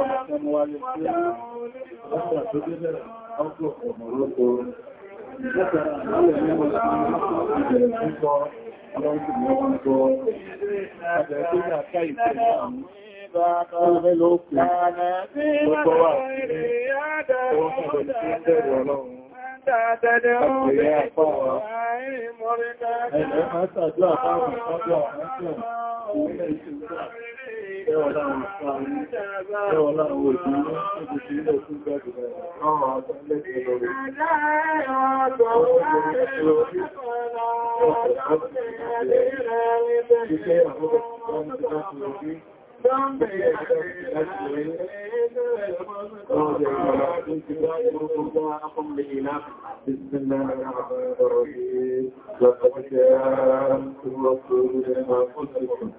Ẹ̀lẹ́ máa ṣàdúrà fáwọn ìpọ́jọ́ àwọn ìpọ́jọ́ بسم الله الرحمن الرحيم لقد جاءكم رسول من انفسكم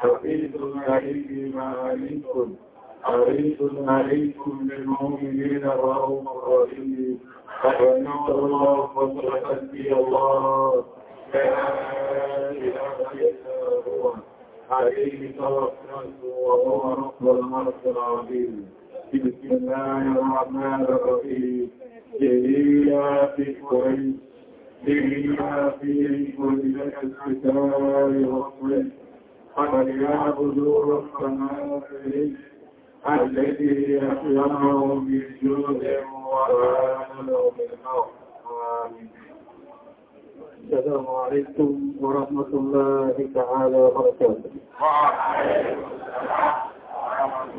حفيظ عليكم عليكم حريص عليكم بالمؤمنين رؤوف رحيم فنور الله وتحدي الله لا اله الا هو عليه توكلت وهو رب العرش العظيم بسم الله الرحمن الرحيم إليا في قريش إليا في كل الكتاب فقد جاء بذور الذي يحيونه بالجود ورانه السلام عليكم ورحمة الله تعالى وبركاته وعليكم السلام ورحمة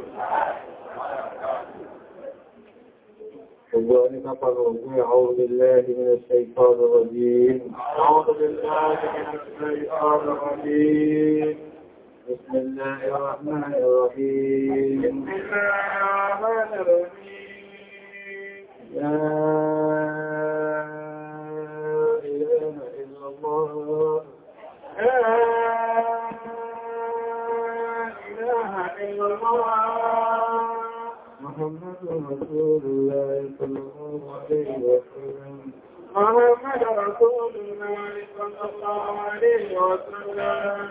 الله وبركاته أعوذ بالله من الشيطان الرجيم أعوذ بالله من الشيطان الرجيم بسم الله الرحمن الرحيم بسم الله الرحمن الرحيم لا إله إلا الله لا إله إلا الله محمد رسول الله صلى الله عليه وسلم محمد رسول الله صلى الله عليه وسلم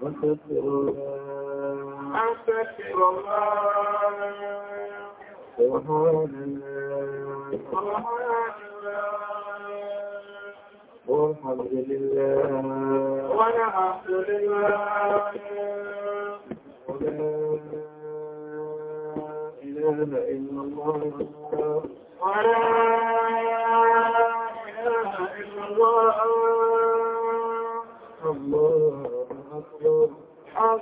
أستغفر الله وهو والحمد لله ولا حمد لله ولا إله إلا الله ولا إله إلا الله الله ولا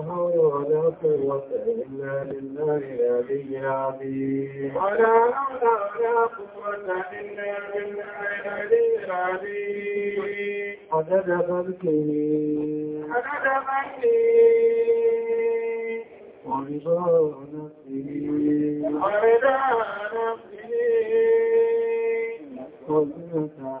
حول ولا قوة إلا بالله العلي العظيم ولا حول ولا قوة إلا بالله العلي العظيم عدد خلقه عدد خلقه ورضا نفسه ورضا نفسه وزنة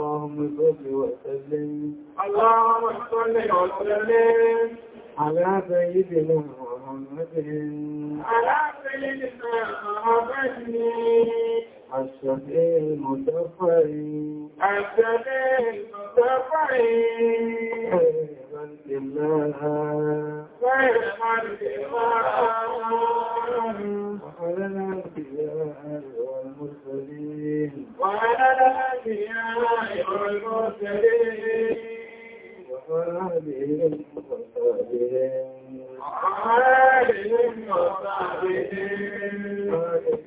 اللهم صل وسلم اللهم صل وسلم على سيدنا محمد على سيدنا محمد الشفيع المتفعي الشفيع المتفعي خير الإله خير الإله وعلى الأنبياء والمرسلين وعلى الأنبياء والمرسلين وعلى وصحبهم وعلى وصحبهم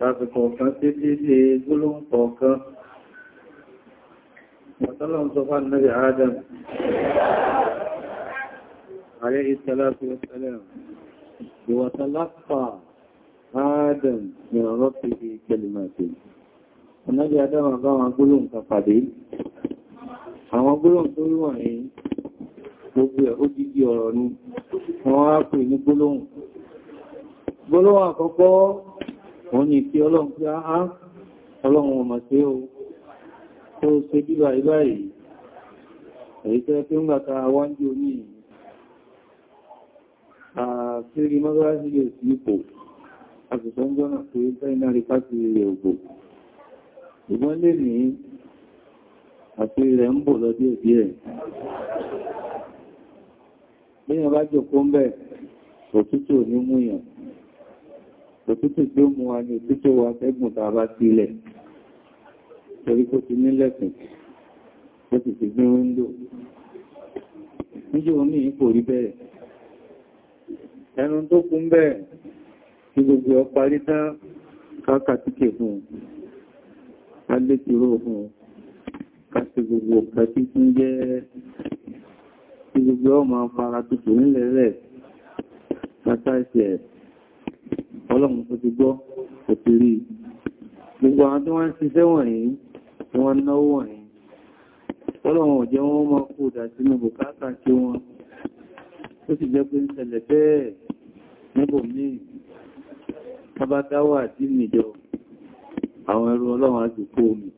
lásìkò kan sí sí sí gbólóhùn kọ̀ọ̀kan Ọ̀tọ́lọ́run sọ fún Nabi Adam, alayhi salatu wa salam, ìwọ̀tọ́lápà Adam ni ọ̀rọ̀ fi kẹlìmọ̀tì. Nabi Adam bá wọn gbólóhùn kan pàdé. Àwọn gbólóhùn tó wíwọ̀n yìí, gbogbo ẹ̀ ó jíjí ọ̀rọ̀ ni, wọ́n á pè ní gbólóhùn. Gbólóhùn àkọ́kọ́ wọ́n ní kí ọlọ́run pé á ọlọ́run ọmọ tí ó tó ṣe bí báyìí báyìí èyí tẹ́ pé ń gbàta wáńjú ní àṣírí mọ́gbáráṣí lè sí ipò àṣìṣọ́njọ́nà pé china rípàtí ilẹ̀ ògbò ìgbọ́n lè ní àti rẹ̀ ń bò lọ díẹ̀ díẹ̀ bí i bá jòkó ń bẹ̀ òtútù ní múyàn òtútù tí ó mú wa ní òtútù wa tẹ́gùn tàbá sí ilẹ̀ torí kó ti nílẹ̀kùn ó sì ti gbé wíńdò níjò ní ipò rí bẹ́ẹ̀ ẹnu tó kún bẹ́ẹ̀ tí gbogbo ọpa rí tá kákàtíkè fún alétìró fún kásì gbogbo ọ̀pá tí tún jẹ́ tí gbogbo ọmọ afárá tuntun nílẹ̀ rẹ̀ látàṣẹ̀ ọlọ́run tó ti gbọ́ kò ti rí gbogbo àwọn tí wọ́n ń ṣiṣẹ́ wọ̀nyí tí wọ́n náwó wọ̀nyí ọlọ́run ò jẹ́ wọ́n máa kó dà sínú bùkátà sí wọn ó sì jẹ́ pé ń ṣẹlẹ̀ bẹ́ẹ̀ níbò míì bàbá dáwà àti nìjọ àwọn ẹrú ọlọ́run àjùkú omi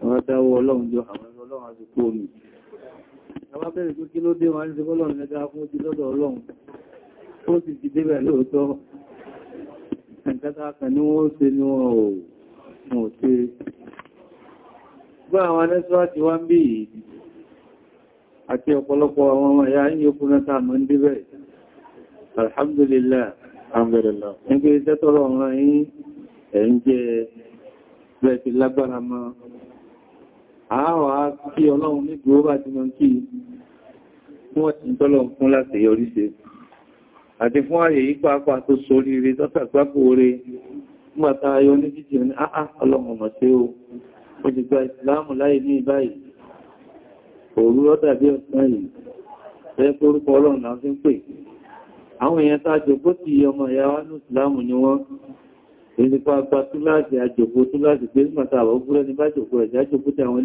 àwọn dáwọ ọlọ́run jọ àwọn ẹrú ọlọ́run àjùkú omi bàbá tó kí ló dé wọn ní ṣe bọ́lọ́run fún ojú lọ́dọ̀ ọlọ́run ó sì ti débẹ̀ lóòótọ́ nǹkan kan ní wọ́n ṣe ní wọn ò mọ̀ ṣe gbọ́ àwọn anẹ́sọ́wájú wá ń bí yìí àti ọ̀pọ̀lọpọ̀ àwọn ọmọ ìyá yìí okùn náà mọ́ ń díbẹ̀ alhamdulillah alhamdulillah nígbé tẹ́tọ́rọ ọ̀rọ̀ yìí ẹ̀ ń jẹ bẹ́ẹ̀ ti lágbára mọ́ àáwà kí ọlọ́run nígbò bá ti mọ́ kí wọ́n ti àti fún ààyè yí pàápàá tó sórí rí tọ́tàgbákò rí mọ́ta ayọ́ ní jíjì ní àá ọlọ́mọ̀mọ̀ tí ó ó ti gba ìsìláàmù láì ní ìbáyìí òru ọ́dàbí ọ̀sán yìí rẹ̀ pórúkọ ọlọ́run náà fi ń pè àwọn èèyàn tá àjòkó ti ọmọ ìyá wá ní ìsìláàmù ni wọ́n èdè pàápàá túláàsì àjòkó túláàsì pé mọ́ta àwọn búrẹ́ ní bá jòkó ẹ̀já jòkó tí àwọn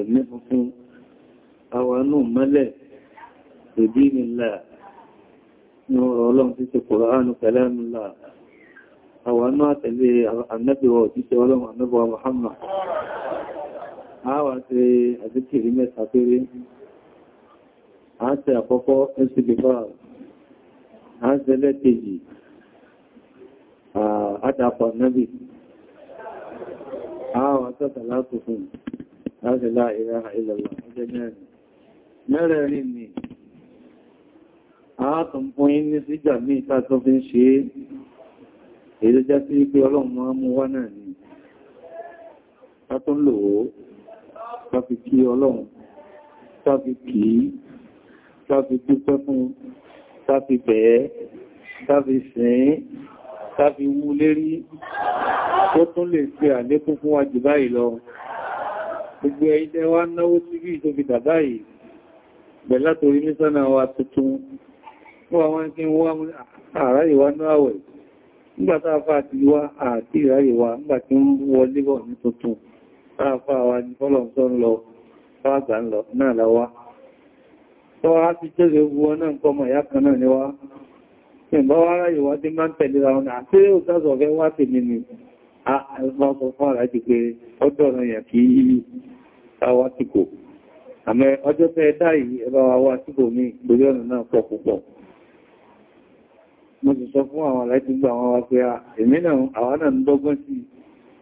ẹ̀mí funfun àwọn inú mẹ́lẹ̀ ìdí nílá ní ọ̀rọ̀ ọlọ́run tí ṣe Kùránù kẹlẹ́mùlá àwọn inú àtẹ̀lé annabiwa òjíṣẹ́ ọlọ́run annabiwa Muhammad àwọn àti àzíkìrí mẹ́ta péré àti àkọ́kọ́ ncb5 àti ẹlẹ́kejì àdàpọ̀ annabi àwọn àtọ́tàlá tuntun láti la ilaha illallah ọjọ́ mẹ́rin mẹ́rẹ̀rin ni àátùn fún yí ní síjà ní ìta tó fi ń ṣe èdè jẹ́ sí pé ọlọ́run máa mú wá náà ni a tún lò ó tàbí kí ọlọ́run tàbí kí tàbí dúpẹ́ fún tàbí bẹ̀ẹ́ tàbí sìn tàbí wú lérí tó tún lè ṣe àlékún fún wa jù báyìí lọ gbogbo ẹ̀yí tẹ́ wá náwó sí bí ìtòbí dàbáyìí bẹ̀lá torí ní sọ́nà wa tuntun wọ́n wọ́n kí wọ́n ààrá ìwá náà wẹ̀ nígbàtá afá àti ìwá àti ìrá ìwá nígbàtí ń wọlé bọ̀ ní tuntun afá wa ní fọ́lọ̀mùsọ́ lọ fáàgbà ń lọ náà lọ́wá tọ́ á ti àmẹ́ ọjọ́ tẹ́ ẹ̀dá ẹbá wa wá síbò ní lórí ọ̀nà náà pọ̀ púpọ̀ mo sì sọ fún àwọn aláìtí gbà wọn wá pé èmi náà àwọn náà ń dọ́gbọ́n sí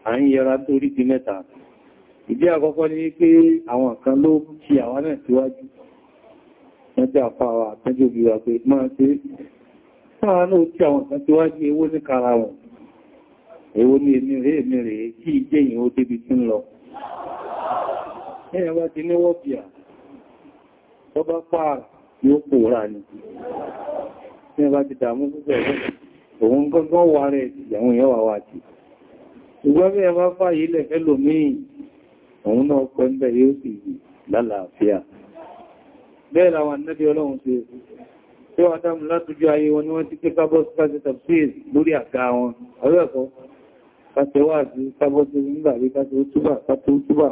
à ń yẹra torí ti mẹ́ta ìdí àkọ́kọ́ ni pé àwọn kan ló fi àwọn náà síwájú lọ ẹ̀yàn ti níwọ́ bíà tó bá pààrà yóò pòórá ni ẹ̀yàn ti dàmú púpọ̀ òun gọ́gọ́ wà rẹ̀ ìyàwó ìyàwó àwà àti ìgbọ́n bí ẹ bá fàyí lẹ̀ ẹlòmíì òun náà pẹ́ yóò sì lálàáfíà bẹ́ẹ̀ kábọ́sí káṣẹ tafsir lórí àga wọn ọ̀rẹ́ẹ̀kọ́ túbà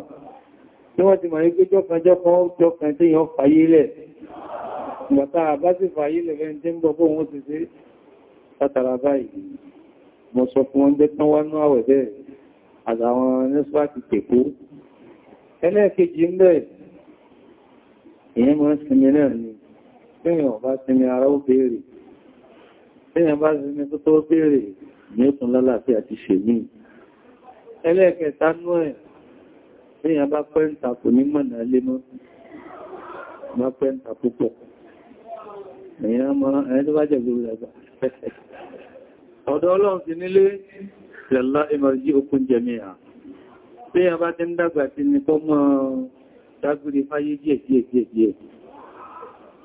tí wọ́n ti mọ̀ ní pé jọ́kanjọ́kan ó jọ́kan tí yàn fàyílẹ̀ bàtà bá sì fàyílẹ̀ fẹ́ tí ń bọ̀ bó wọ́n ti sí látara báyìí mo sọ fún wọn dẹ́tán wá ní àwẹ̀ bẹ́ẹ̀ àtàwọn nẹ́sùpáàkì tèkó ẹlẹ́ẹ̀kejì ń bẹ̀ èyàn máa èèyàn bá pẹ́ǹtà kò ní mọ̀nà lé mọ́ bá pẹ́ǹtà púpọ̀ èèyàn mọ́ ẹni tó bá jẹ́ gbogbo ẹgbà ọ̀dọ̀ ọlọ́run sí nílé lẹ́lá ìmọ̀jí okun jẹmi à tí a bá ti ń dàgbà sí ní kọ́ mọ́ dágbìrì fáyé díẹ̀ díẹ̀ díẹ̀ díẹ̀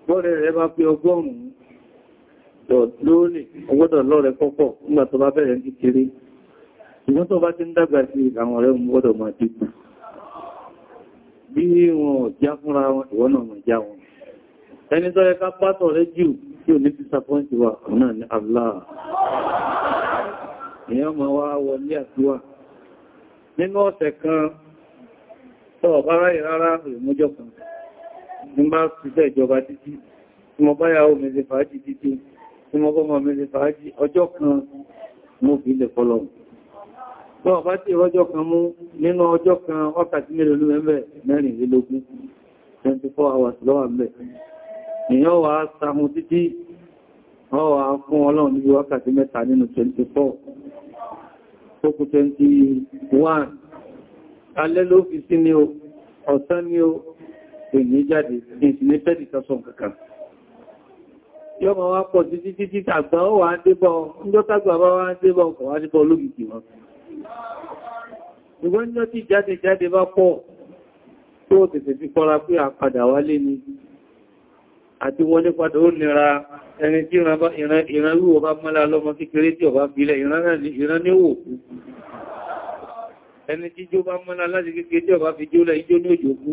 bọ́rẹ̀ rẹ̀ bá pé ọgọ́rùn-ún lóòrè ọgbọ́dọ̀ lọ́rẹ̀ pọ́pọ̀ nígbà tó bá bẹ̀rẹ̀ ní kéré ìgbọ́n tó bá ti ń dàgbà sí àwọn ọ̀rẹ́ mú gbọ́dọ̀ máa dínkù bí wọn já fúnra wọn ìwọ́n náà mọ̀ já wọn ẹni tó yẹ ká pátọ̀ rẹ jù tí ò ní disappoint wa náà ní Allah èèyàn ma wá wọlé àtíwà nínú ọ̀sẹ̀ kan tó ọ̀bá ráyì rárá ìmújọ kan ní bá ṣiṣẹ́ ìjọba títí tí mo bá yàwó mẹ́sẹ̀ fàájì títí tí mo bọ́ mọ́ mẹ́sẹ̀ fàájì ọjọ́ kan mo fi ilẹ̀ fọ́lọ́run Bọ́ọ̀ bá tí ọjọ́ kan mú nínú ọjọ́ kan wákàtí mélòó ló mẹ́bẹ̀ mẹ́rìnlélógún, 24 hours lọ́wà mẹ́. Èyàn wà sáhun títí, wọ́n wà fún ọlọ́run níbi wákàtí mẹ́ta nínú 24, tókù 21. Alẹ́ ló fi sí ni o, ọ̀sán ni o, èyí jáde, ìsinmi fẹ́dì tọ́sọ̀ kankan. Yọ́ ma wá pọ̀ títí títí tàgbà ó wà á débọ̀, ń jọ́ tàgbà bá wá á débọ̀ ọkọ̀ wá débọ̀ ológìkì wọn ṣùgbọ́n ní ó ti jáde jáde bá pọ̀ tó tètè fi kọ́ra pé àpadà wálé ni àti wọlé padà ó nira ẹni tí ìran rúwọ bá mọ́lá lọ́mọ kékeré tí ọba bílẹ̀ ìran níwò ẹni tí jó bá mọ́lá láti kékeré tí ọba fi jólẹ̀ ijó ní òjòkú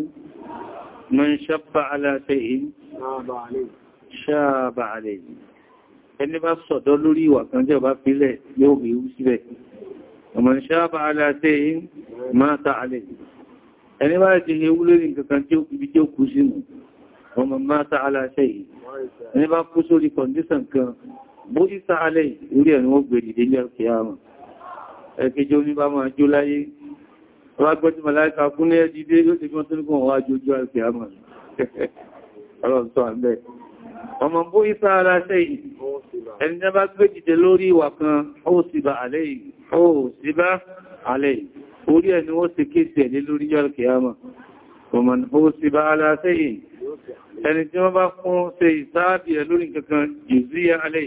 ẹni bá sọ̀dọ́ lórí ìwà kan tí ọba bílẹ̀ yóò rí síbẹ̀ ọmọ ìṣàbà aláṣẹ́yìn máa ta alẹ́ ẹni bá ti ewu lórí nǹkan tí ó kìí tí ó kú sínú ọmọ máa ta aláṣẹ́yìn ẹni bá kú sórí kọndíṣàn kan bó ìsá alẹ́ orí ẹ̀rin ó gbèrè délé ọkẹ̀ àmà ẹkẹjọ ní bá máa jó láyé ọlágbọ́tí màláìka kún ní ẹdídé ló ti gbọ́n tó ní kàn ó sí bá alẹ́ orí ẹni ó sì kéèsì ẹ̀lé lórí yọ́ kìyàmà ọmọ ó sì bá aláṣẹ́ yìí ẹni tí wọ́n bá fún ṣe ìsáàbì ẹ̀ lórí kankan jùzíyà alẹ́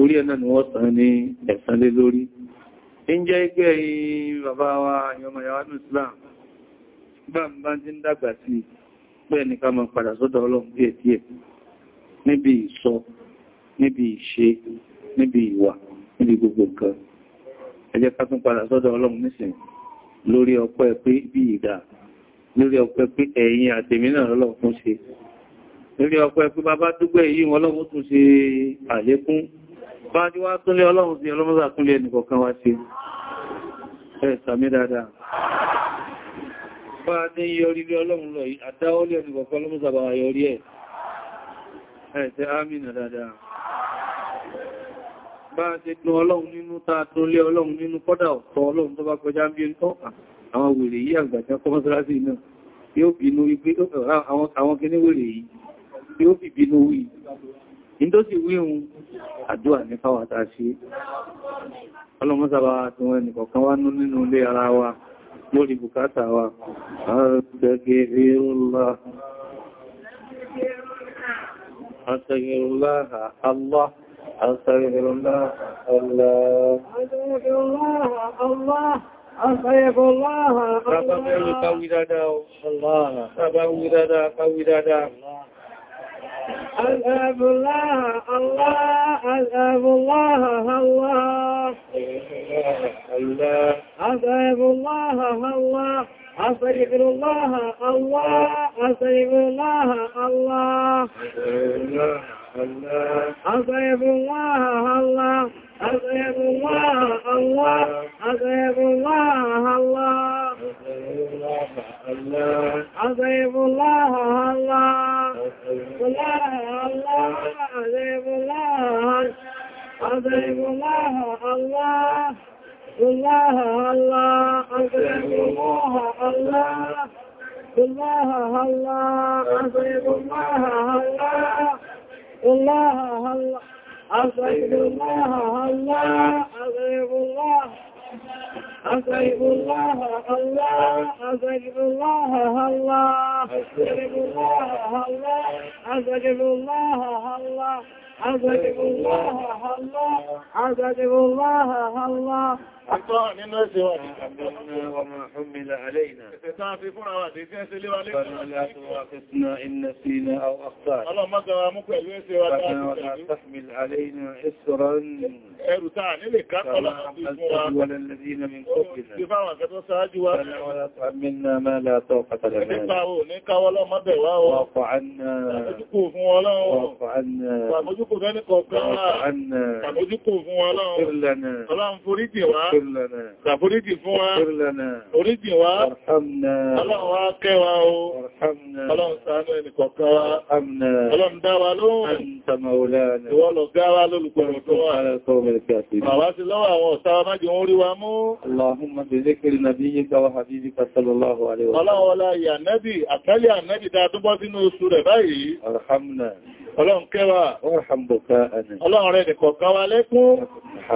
orí ẹ̀nà wa ìyọmọ Islam bá ń bá ti ń dàgbà sí bẹ́ẹ̀ ní ká máa padà sọ́dọ̀ Ọlọ́run díẹ̀ díẹ̀ níbi ìsọ níbi ìṣe níbi ìwà níbi gbogbo nǹkan ẹ jẹ́ ká tún padà sọ́dọ̀ ọlọ́run nísìn lórí ọpẹ́ pé bí ìdá lórí ọpẹ́ pé ẹ̀yin àtèmi náà lọ́lọ́run fún ṣe lórí ọpẹ́ pé bàbá dúgbẹ́ yìí wọn lọ́wọ́ tún ṣe àlékún bá ní wá túnlé ọlọ́run sí ọlọ́mọ́sà túnlé ẹnìkọ̀ọ̀kan wá ṣe ẹ̀ sàmí dáadáa bá ní yọrí lé ọlọ́run lọ àtàwọ́lé ẹnìkọ̀ọ̀kan ọlọ́mọ́sà bá wà yọrí ẹ̀ ẹ̀ tẹ́ ámìnà dáadáa bá ṣe dùn ọlọ́run nínú ta tó lé ọlọ́run nínú kọ́dà ọ̀tọ̀ ọlọ́run tó bá kọjá bí ń tọ́ka àwọn wèrè yìí àgbàjá kọmọ́sílásì náà yóò bínú igbe àwọn kìíní wèrè yìí yóò fi bínú wí ìndósì wíhun àdúà ní fáwàtà ṣe ọlọ́mọ́sàbà tí wọ́n ẹnìkọ̀kan wá nínú ilé الله أستغفر الله الله أستغفر الله الله أستغفر الله الله قوي دادا الله قوي دادا قوي دادا أذهب الله الله أذهب الله الله الله أذهب الله الله أستغفر الله الله أستغفر الله الله أطيب الله الله أطيب الله الله أطيب الله الله أطيب الله الله الله الله أطيب الله أطيب الله الله الله الله أطيب الله الله الله الله أطيب الله الله الله الله أصيب الله الله أصيب الله أصيب الله الله أصيب الله الله أصيب الله الله أصيب الله الله أصيب الله الله أصيب الله الله Àtọ́ nínú ẹ̀sẹ̀ wà ní ọmọ ọmọlá aléìnà. Ẹ̀sẹ̀ fi fúnra wà tí ẹ̀sẹ̀ léwà lẹ́gbẹ̀rẹ̀. Bàbá láti wà fẹ́sìnà iná sí iná àwọn àpáà. Ọlọ́mọ́gbàwà mú pẹ̀lú ẹ̀sẹ̀ wà láti Ọlọ́run foríjì wá ṣàforíjì fún wa oríjì wa ọlọ́run wa kẹ́ wa o ọlọ́run ṣàánú ẹnìkọ̀ọ̀kan wa ọlọ́run dá wa lóhùn ìwọ lọ gá wa lólùgbọ̀rọ̀ tó wà bàbá sí lọ́wọ́ àwọn ọ̀tá wa má jẹ́ wọ́n rí wa mú Allahumma bi zikri nabiyyika wa habibika sallallahu alaihi wa sallam ọlọ́run ọlá ìyà nẹ́bì àtẹ́lẹ̀ ànẹ́bì dáa tó bọ́ sínú oṣù rẹ̀ báyìí arhamna Ọlọ́run kẹwà ọ̀rọ̀ ọ̀rẹ́ nìkọ̀ọ́kọ́ wa lẹ́kún.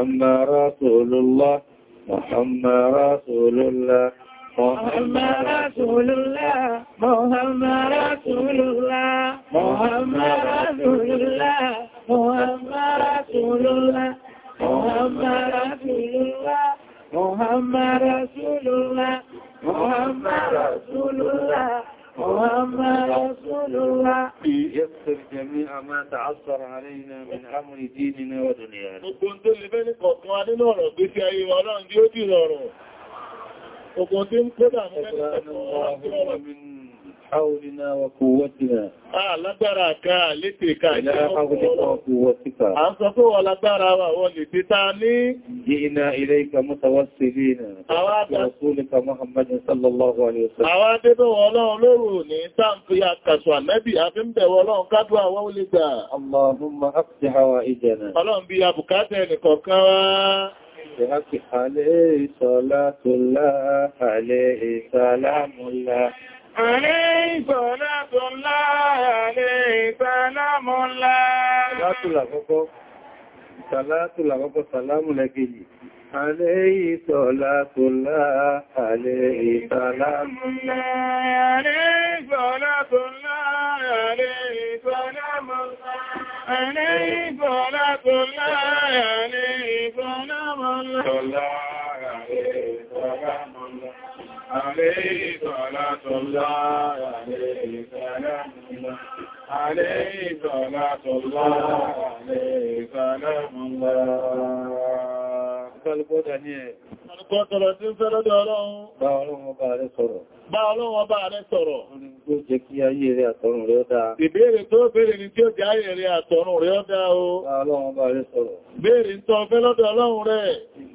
Àmàrà tó lọ́lá. محمد رسول الله محمد رسول الله محمد رسول الله محمد رسول الله محمد رسول الله محمد رسول الله محمد رسول الله محمد رسول الله محمد رسول الله يسر جميع ما تعثر علينا من امر ديننا ودنيانا وكنت اللي بين قطوان نور بس اي والله دي ودي نور وكنت كده من حولنا وقوتنا alágbára ká létè ká àṣọ́kọ́ alágbára wà wọ́n lè tí ta ní jìnà ilé ìkà mutawassilina rasuulika muhammadin sallallahu alaihi wasallam àwọn adébẹ̀ wọ́n lọ́run lóòrò ní sáàmù ya kàṣù ànẹ́bì àfi ń bẹ̀ wọ́n lọ́run kádù àwọn olè gbà allahumma aqdi hawaijana ọlọ́run bí abùkátẹ̀ nìkọ̀ọ̀kan wá بحق عليه صلاة الله عليه سلام الله Àrí ìṣọ́lá tó láàá lè ìsálámọ́ láàá. Látùlà kọ́kọ́, sàlátùlà kọ́kọ́ sàlámù lẹ́gẹ̀ẹ́jì. Àrí ìṣọ́lá tó láàá lè ìsálámù láàá. Àrí láàá. عليه صلاة الله عليه سلام الله عليه صلاة الله عليه سلام الله Ọlọ́run ọba rẹ̀ sọ̀rọ̀ bá ọlọ́wọ́ bá rẹ sọ̀rọ̀. Yóò jẹ́ kí ayé rẹ àtọ̀run rẹ ó dáa. Ìbéèrè tó béèrè ni tí ó jẹ́ ayé rẹ àtọ̀run rẹ ó dáa o. Bá ọlọ́wọ́ bá rẹ sọ̀rọ̀. Béèrè ń tọ́ fẹ́ lọ́dọ̀ ọlọ́run rẹ.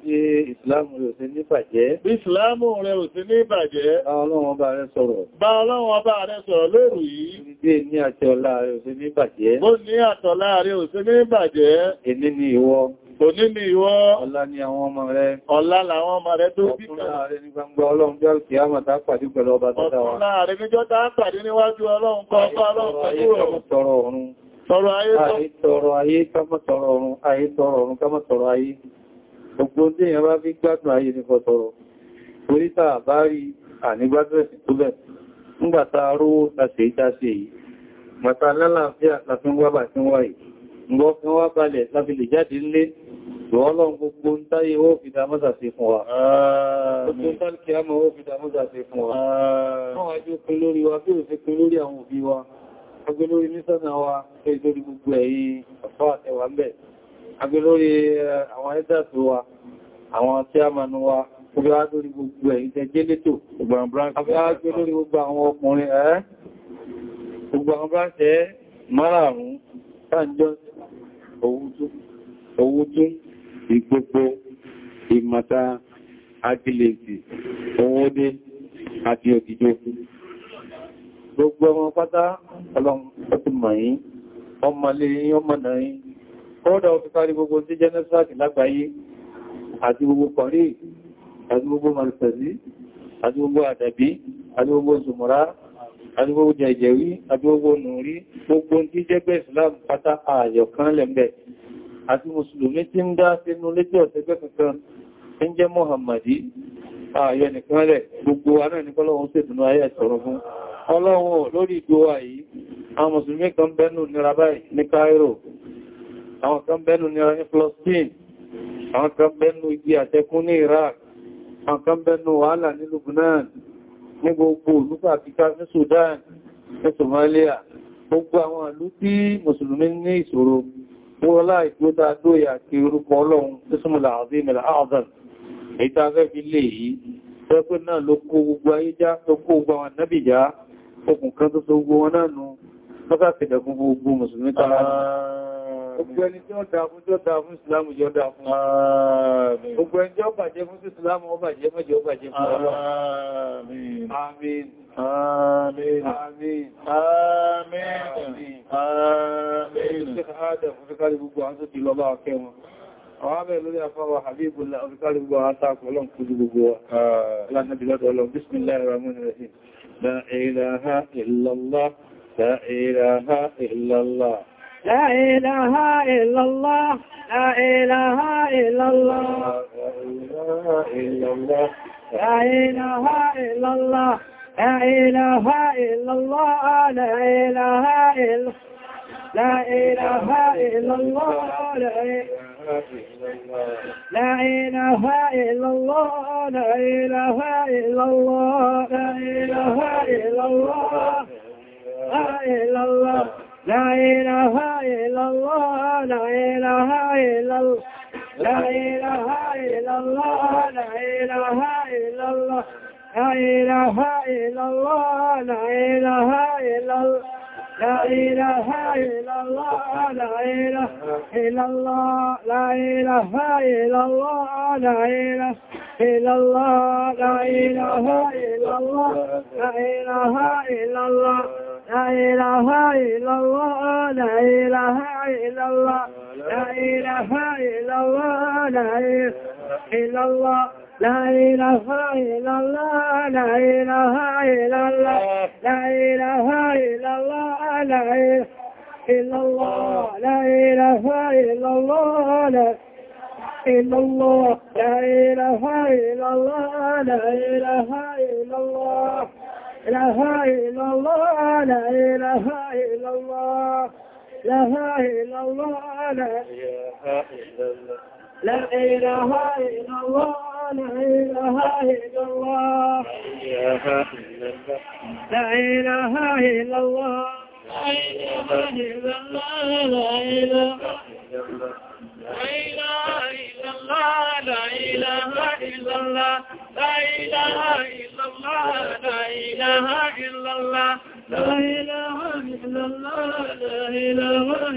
Ṣé ìsìláàmù rẹ ò sí ní bàjẹ́? Bí ìsìláàmù rẹ ò sí ní bàjẹ́. Bá ọlọ́wọ́ bá rẹ sọ̀rọ̀. Bá ọlọ́wọ́ bá rẹ sọ̀rọ̀ lóru yìí. Ṣé ní àtọ̀lá rẹ ò sí ní bàjẹ́? Bó ní àtọ̀lá rẹ ò sí ní bàjẹ́. Èní ni ìwọ. Òní ni ìwọ. Ọlá ni àwọn ọmọ rẹ. Ọlá làwọn ọmọ rẹ tó bí kan. Ọkùnrin ààrẹ ní ọlọ́run bí àlùkìyàmọ̀ pẹ̀lú ọba tọ́ta wa. Ọ̀tún láàrin níjọ́ tá ń pàdé níwájú ọlọ́run kọ́ ọkọ́ ọlọ́run pẹ̀lú ọ̀run. Tọrọ ayé tọrọ ayé kámọ́ tọrọ ọ̀run, ayé tọrọ ọ̀run kámọ́ tọrọ ayé. Gbogbo tí èèyàn bá fi gbádùn ayé ní kọ tọrọ. Oríta bá rí ànígbádùn ẹ̀sìn tó bẹ̀. Ngbàta rówó tàṣe ìtàṣe yìí. Màtà lálàáfíà láfin Ọlọ́run gbogbo ń táyé ó fi dámọ́sà sí fún wa. Gbogbo ń tálkì àmà ó fi dámọ́sà sí fún wa. Wọ́n wá jú pin lórí wa bí ò sí pin lórí àwọn òbí wa. Agbé lórí mísànà wa pé lórí gbogbo ẹ̀yí ọ̀fọ́ àtẹwà ń bẹ̀. Agbé lórí eh, àwọn ẹ́dàtò gbogbo àwọn ọkùnrin ẹ́, eh? gbogbo àwọn eh? márààrún, ìgbogbo ìmọ̀ta agilèsì ohun dé àti òdìjọ gbogbo ọmọ pátá ọlọ́mọ̀tìmọ̀yí ọmọlé ọmọdàáyí kọ́ọ̀dà òfìkárí gbogbo tí jẹ́nẹ́sàtì lágbàáyé àti gbogbo kọ̀rí àti gbogbo malfẹ̀sí àti gbogbo àdàbí àti gbogbo zùmọ̀rá àti gbogbo jẹ̀jẹ̀rí àti gbogbo nùrí gbogbo tí jẹ́gbẹ́ Islam pátá ààyọ̀ kan lẹ́m̀bẹ̀ àti mùsùlùmí tí ń dá sínú létí ọ̀sẹ̀gbẹ́ kankan ń jẹ́ Muhammadi ààyẹ nìkan rẹ̀ gbogbo aná ìníkọ́lọ́wọ́n ṣèdùnú ayé ẹ̀sọ̀rọ̀ fún ọlọ́wọ́ lórí ìgbówà yìí àwọn mùsùlùmí kan bẹ́nu nira báyìí ní Cairo àwọn kan bẹ́nu nira ní Palestine àwọn kan bẹ́nu igi àtẹkùn ní Iraq àwọn kan bẹ́nu wàhálà ní Lebanon ní gbogbo olúkọ Áfíríkà ní Sudan ní Somalia gbogbo àwọn ìlú tí mùsùlùmí ní ìṣòro wọ́lá ìgbóta dóyà àti orúkọ ọlọ́run tó súnmọ̀lá àti ìmẹ̀lá àádọ́n ìta fẹ́ fi lè yìí pẹ́pẹ́ náà ló kó gbogbo ayé já tó kó gbogbo àwọn nábì já okùn kan tó gbogbo wọn náà nù lọ́kàkẹ̀dẹ̀kún Gbogbo ẹni tí ó dáa fún tó dáa fún Ìsìlámù yóò dáa fún. Gbogbo ẹni tí ó bàjẹ́ fún Ìsìlámù ó bàjẹ́ mẹ́jọ ó bàjẹ́ fún ọlọ́. Àmín. Àmín. Àmín. Àmín. Àmín. Àmín. Ṣé àádẹ́ fún fíkàrí gbogbo àwọn tó ti lọ bá ọkẹ́ wọn. Àwọn abẹ́ lórí afọ́wà Habibullah fíkàrí gbogbo àwọn tààkù ọlọ́run kúrú gbogbo wa. Lánàbí lọ́dọ̀ ọlọ́run, Bismillahir Rahmanir Rahim. La ilaha illallah, la ilaha illallah. لا إله إلا الله لا إله إلا الله لا إله إلا الله لا إله إلا الله لا إله إلا لا إله إلا الله لا إله إلا الله لا إله إلا الله لا إله إلا الله لا إله إلا الله لا إله إلا الله لا إله إلا الله لا إله إلا الله لا إله إلا الله لا إله إلا الله لا إله إلا الله لا إله إلا الله لا إله إلا الله لا إله إلا الله لا إله إلا الله لا إله إلا الله لا إله إلا الله لا إله إلا الله لا إله إلا الله لا إله إلا الله لا إله إلا الله لا إله إلا الله لا إله إلا الله لا إله إلا الله لا إله إلا الله لا إله إلا الله لا إلا الله لا إله إلا الله لا إله إلا الله إله إلا الله لا إله إلا الله لا إله إلا الله لا إله إلا الله لا إله إلا الله لا إله إلا الله La ilaha illallah, la ilaha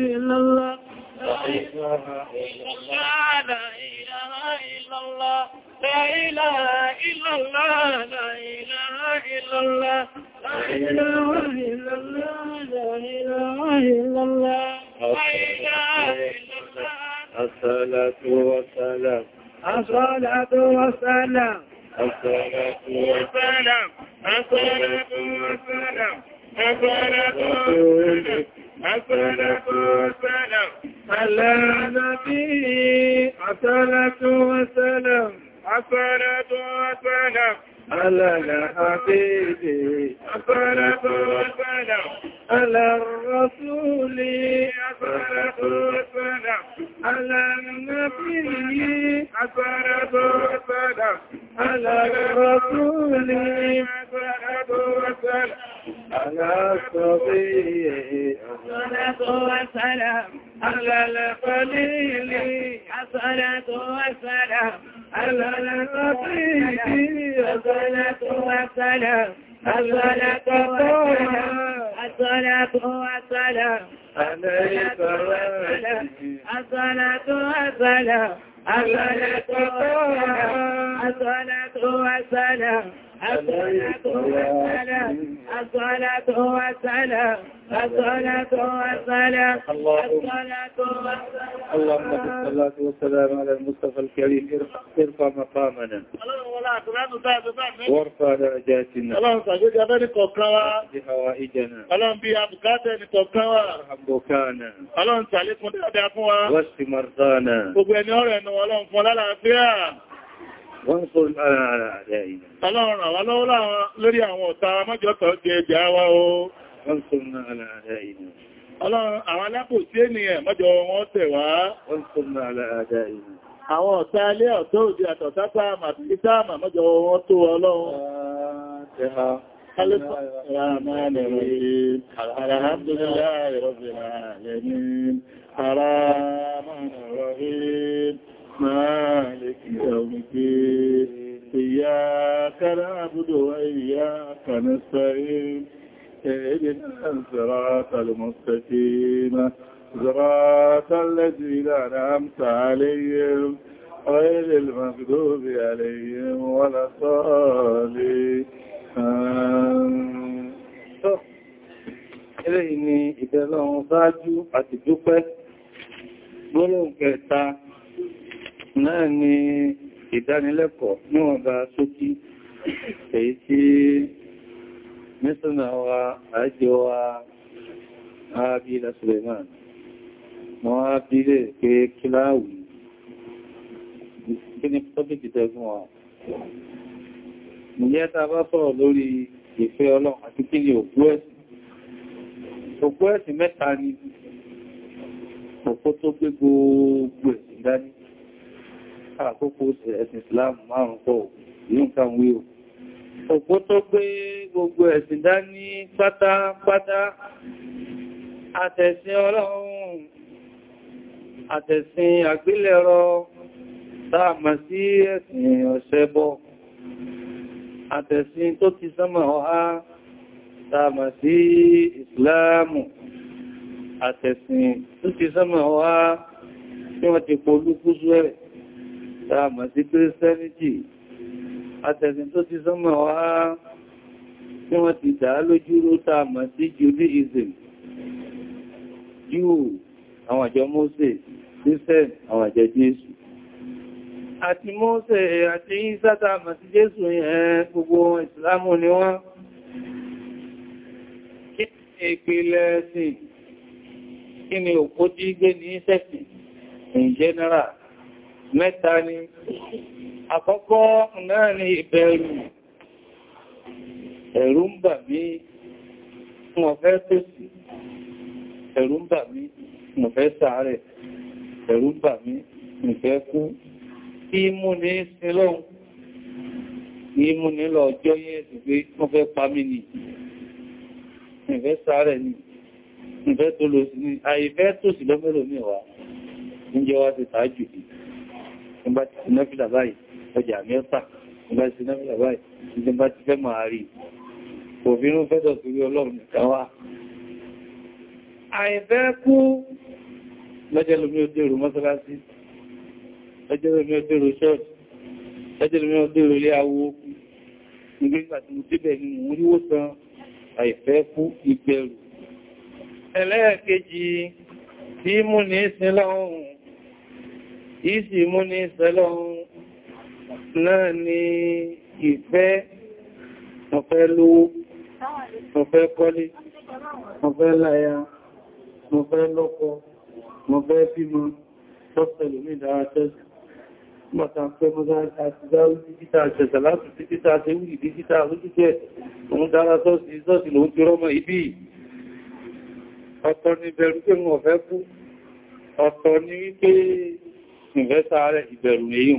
illallah. لا إله إلا الله لا إله إلا الله لا إله إلا الله لا إله إلا الله لا إله إلا الله لا إله إلا الله لا إله إلا الله الصلاة والسلام الصلاة والسلام الصلاة والسلام الصلاة والسلام حسنة حسنة وسلام على نبي حسنة وسلام حسنة وسلام على الحبيب الصلاة والسلام على الرسول الصلاة والسلام على النبي الصلاة والسلام على الرسول الصلاة والسلام ألست به الصلاة والسلام على القليل الصلاة والسلام على القليل الصلاة والسلام الصلاة والسلام الصلاة والسلام عليك الصلاة والسلام الصلاة والسلام الصلاة والسلام الصلاة والسلام الصلاة والسلام الصلاة والسلام الصلاة والسلام اللهم الصلاة والسلام على المصطفى الكريم ارفع مقامنا وارفع درجاتنا اللهم سجد أبني كوكوا بهوائجنا اللهم بيا بكاتني كوكوا ارحم بكانا اللهم سالك مدى دافوا واشف مرضانا وبنور انه اللهم فلا لا فيها Ah, ah, ah, ọlọ́run àwọn lọ́wọ́ lórí àwọn ọ̀tá mọ́jọ́tọ̀ jẹ ẹjà wa o. Ọlọ́run àwọn alápò tí ènìyàn mọ́jọ Àwọn ọ̀tá ilé ọ̀tọ́ òdí àtọ̀tá pàmà tí sáàmà mọ́jọ wọn tó ọlọ́run. الرحمن مالك يوم الدين إياك نعبد وإياك نستعين اهدنا الصراط المستقيم صراط الذين أنعمت عليهم غير المغضوب عليهم ولا الضالين Ilé ni ìbẹ̀lọ́run sáájú àti dúpẹ́, gbólóhùn kẹta náà ni ìdánilẹ́kọ̀ọ́ níwọ̀nba sókí èyí tí mísànà wa àjọ wa ààbílá wọ́n á bílẹ̀ pé kíláàwì kí ni tọ́bìkì tẹ́gùn wa ìyẹ́ ta bá sọ̀rọ̀ lórí ìfẹ́ ọlọ́run àti kí ni òkú ẹ̀sìn mẹ́ta ni òkú tó gbé gbogbo ẹ̀sìn dání àkókò ẹ̀sìn Islam márùn pọ̀ ní nǹkan wí o òpó tó gbé gbogbo ẹ̀sìn dání pátápátá àtẹ̀sìn ọlọ́run àtẹ̀sìn àgbélẹ̀rọ táàmà sí ẹ̀sìn ọ̀ṣẹbọ àtẹ̀sìn tó ti sánmà ọha táàmà sí ìsìláàmù àtẹ̀sìn tó ti sánmà ọha tí wọ́n ti pọ̀ olúkúsú ẹ̀rẹ̀ tààmà sí kírísítẹ́nìtì àtẹ̀sìn tó ti sọ́mọ̀ wá tí wọ́n ti dá lójúrú tààmà sí judaism Júù àwọn àjọ Moses christian àwọn àjọ Jésù àti Moses àti Ìsá tààmà sí Jésù yẹn gbogbo ìsìlámù ni wọ́n kí ni ìpìlẹ̀ tí gbé ní sẹ́sìn in general mẹ́ta ni àkọ́kọ́ náà ni ìbẹ̀rù ẹ̀rù ń bà mí mo fẹ́ tòsí ẹ̀rù ń bà mí mo fẹ́ ṣàárẹ̀ ẹ̀rù ń bà mí mo fẹ́ kú kí mú ní sílọ́un ní mú ní lọ ọjọ́ yẹ́ ìsìnkú ìfẹ́ tó lò sí ní àìfẹ́ tòsí lọ́mẹ́lò mẹ́wàá ń jẹ́ wá ti tàájù yìí nígbà ti ti nẹ́fìlà báyìí ọjà mẹ́ta nígbà ti ti nẹ́fìlà báyìí nígbà ti fẹ́ máa rí òfinú fẹ́tọ̀ torí ọlọ́run nìkan wá àìfẹ́ kú lọ́jẹ́ lómi ó dèrò mọ́sálásí lọ́jẹ́ lómi ó dèrò ṣọ́ọ̀tì lọ́jẹ́ lómi ó dèrò ilé awo nígbà tí mo débẹ̀ ní mo ríwó san àìfẹ́ kú ìgbẹ̀rù ẹlẹ́ẹ̀kejì tí mú ní sin lọ́hùn ìsì mú ní sẹ́lọ́un náà ni ìfẹ́ ọ̀fẹ́ lówó ọ̀fẹ́ kọ́lé ọ̀fẹ́ láyá ọ̀fẹ́ lọ́kọ ọ̀fẹ́ bímọ lọ́pẹ̀lú ní ìdáratẹ́ Mọ̀ta pẹ́ mọ́ta àti dáwí díkítà àjẹsà láti díkítà àti wùí díkítà àrújújẹ́ òun dára sọ́sì ìsọ́sì lòun ti rọ́mọ ìbí. Ọ̀tọ̀ ni bẹ̀rù pé wọn ọ̀fẹ́ kú, ọ̀tọ̀ ni wípé ìfẹ́sà rẹ̀ ìbẹ̀rù èyí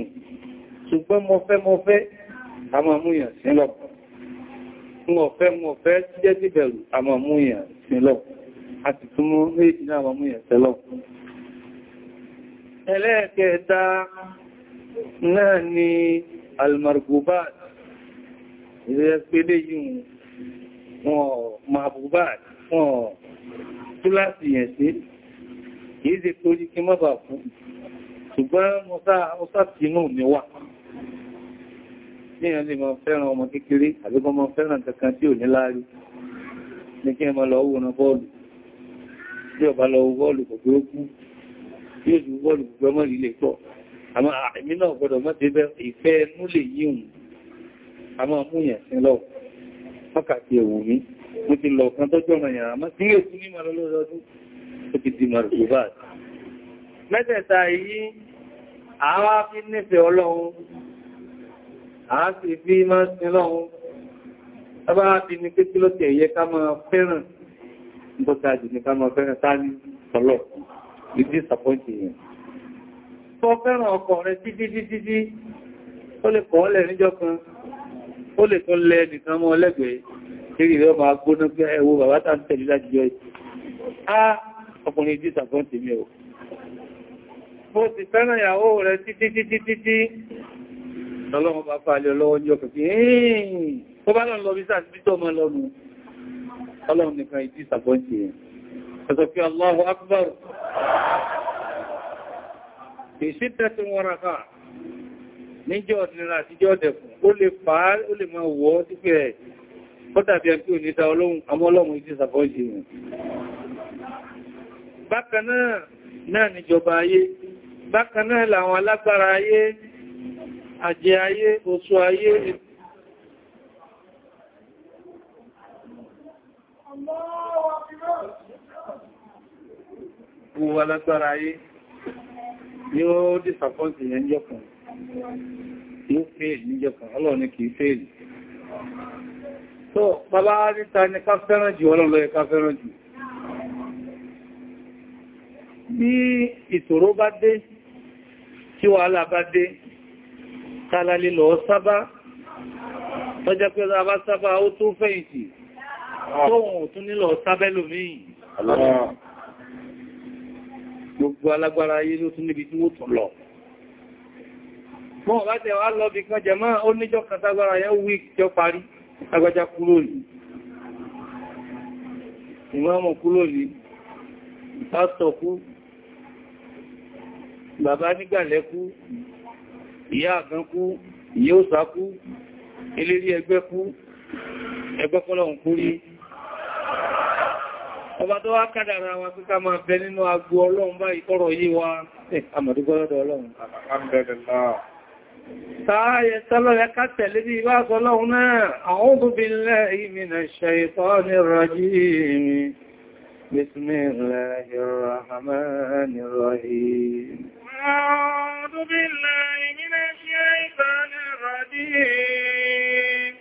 ṣùgbọ́n mo fẹ́ mo fẹ́ a máa múyàn sí lọ mo fẹ́ mo fẹ́ jẹ́ sí bẹ̀rù a sí lọ a sì tún mú méjì náà sí lọ ẹlẹ́ẹ̀kẹta náà ni almargubat ìrẹ́sẹ̀lẹ̀ yìí wọn margubat wọn túláàsì yẹn sí kìí ṣe torí kí mọ́ bà fún ṣùgbọ́n mọ́sá tínú mi wà ní ẹni ma fẹ́ràn ọmọ kékeré àbíkọ́ ma fẹ́ràn kankan tí ò ní láàrí ní kí ẹ ma lọ wọ́n bọ́ọ̀lù tí ọba lọ bọ́ọ̀lù kòkòrò kú tí ó sì bọ́ọ̀lù kòkòrò mọ́ ilé pọ̀ àmọ́ àmì náà gbọ́dọ̀ mọ́ ti bẹ́ ìfẹ́ ẹnú lè yíhùn àmọ́ múyàn sí lọ wákàtí ẹ̀wù mi mo ti lọ kan tọ́jọ́ ọmọ yàrá mọ́ sí èsù ní màlọ́lọ́dọ́dún ó ti di màrùkù báyìí mẹ́tẹ̀ẹ̀ta yìí àwa fi nífẹ̀ẹ́ ọlọ́run a sì fi máa sin lọ́run tọ́bá fi ní pé kí ló tẹ̀ yẹ ká máa fẹ́ràn bọ́tàjì ní ká máa fẹ́ràn sáàrí ọlọ́ ìdí ìsàpọ́ǹtì yẹn tó fẹ́ràn ọkọ rẹ títí kan ó lè tó lẹ nìkan mọ́ lẹ́gbẹ̀ẹ́ tí ìrẹ́ ọmọ agbóná pé ẹwọ bàbá tàbí tẹ̀lé láti jọ ọkùnrin ìdí ìsàpọ́ǹtì mi ò ó ti fẹ́ràn ìyàwó rẹ̀ títí títí títí lọ́lọ́wọ́ bá fàálẹ̀ lọ́wọ́ ní ọkùn fi ẹ̀yìn ó bá lọ́nà lọ́bí sáà títọ́ ọmọ lọ́nu ọlọ́run nìkan ìdí ìsàpọ́ǹtì ẹ̀ ọ̀sọ̀ pé Allahu Akbar ìṣítẹ́tì wọn raka níjọ́ ọ̀dìnira àtijọ́ ọ̀dẹ̀kùn ó lè fàá ó lè máa wọ́ sí pé ẹ̀ ó dàbí ẹ̀kí ò ní ta ọlọ́run àmọ́ náà náà níjọba ayé bákan náà làwọn alágbára ayé àjẹ ayé oṣù ayé Gbogbo alágbára ayé ni ó dìsàpọ́ǹtì yẹn jọkùn, yóò fèèlì ní jọkùn, ọlọ́run ni kìí fèèlì. So, bàbá níta ni ká fẹ́ràn jù, ọlọ́run ló jù. Bí ìṣòro bá dé, tí wàhálà bá dé tààlà lílọ sábá tọ́jẹ́ pé ọba sábá ó tó fẹ̀yìntì tóhun tún nílọ sábẹ́lò míì gbogbo alágbára ayé ló tún níbi tí wó tún lọ mọ́ bá tẹ̀ wá lọ bí kan jẹmọ́ ó níjọ́ kan tágbára yẹn jọ parí agbájá kúrò ní ìmọ́ ọmọ kúrò ní pásítọ̀ kú bàbá nígbàlẹ̀ kú ìyá àkán kú ìyá òsà kú eléré ẹgbẹ́ kú ẹgbẹ́ kọ́lọ̀hún kú rí ọba tó wá kádàrà wa pé ká máa bẹ nínú agbo ọlọ́run bá ìkọ́rọ̀ yí wa àmọ̀dúgbọ́lọ́dọ̀ ọlọ́run Táyẹ sálọ́rẹ ká tẹ̀lé bí bá أعوذ بالله من الشيطان الرجيم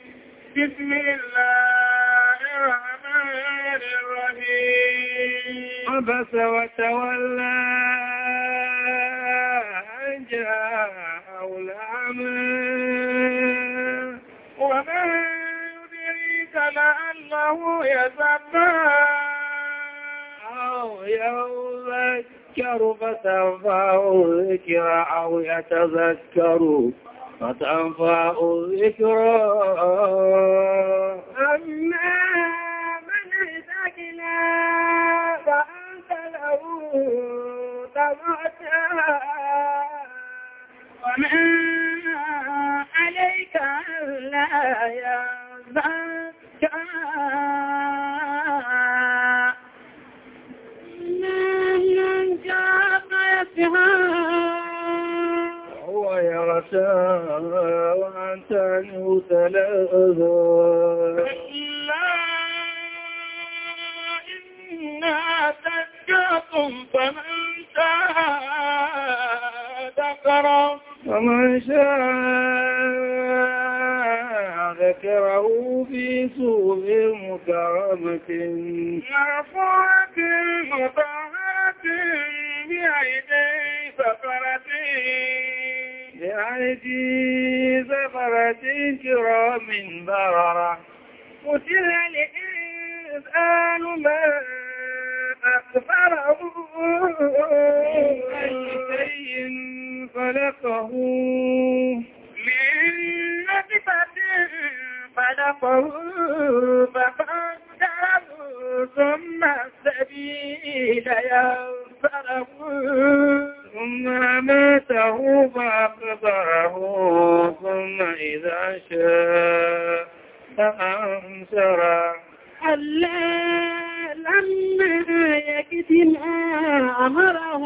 بسم الله الرحمن الرحيم عبس وتولى أن جاءه الأعمى وما يدريك لعله يزبى أو يومك يتذكر فتنفع الذكر أو يتذكر فتنفع الذكر أما من ذكنا فأنت له تمعتا وما عليك ألا يذكر ويغشى وأن عنه تلاها كلا إنها تذكرة فمن شاء ذكره فمن شاء ذكره في سوء مكرمة مرفوعة مطهرة bí àìdé ìsọ̀fẹ́ra sí bí àìdí ìsọ̀fẹ́ra sí kìrọ mi ń bárara. Kò sí rẹ̀ ìsánú mẹ́rin àkùfẹ́ràn خلقه من نطفة خلقه فقدره ثم السبيل يوم ثم ماته فأقضاه ثم إذا شاء فأنشر ألا لما يكتم أمره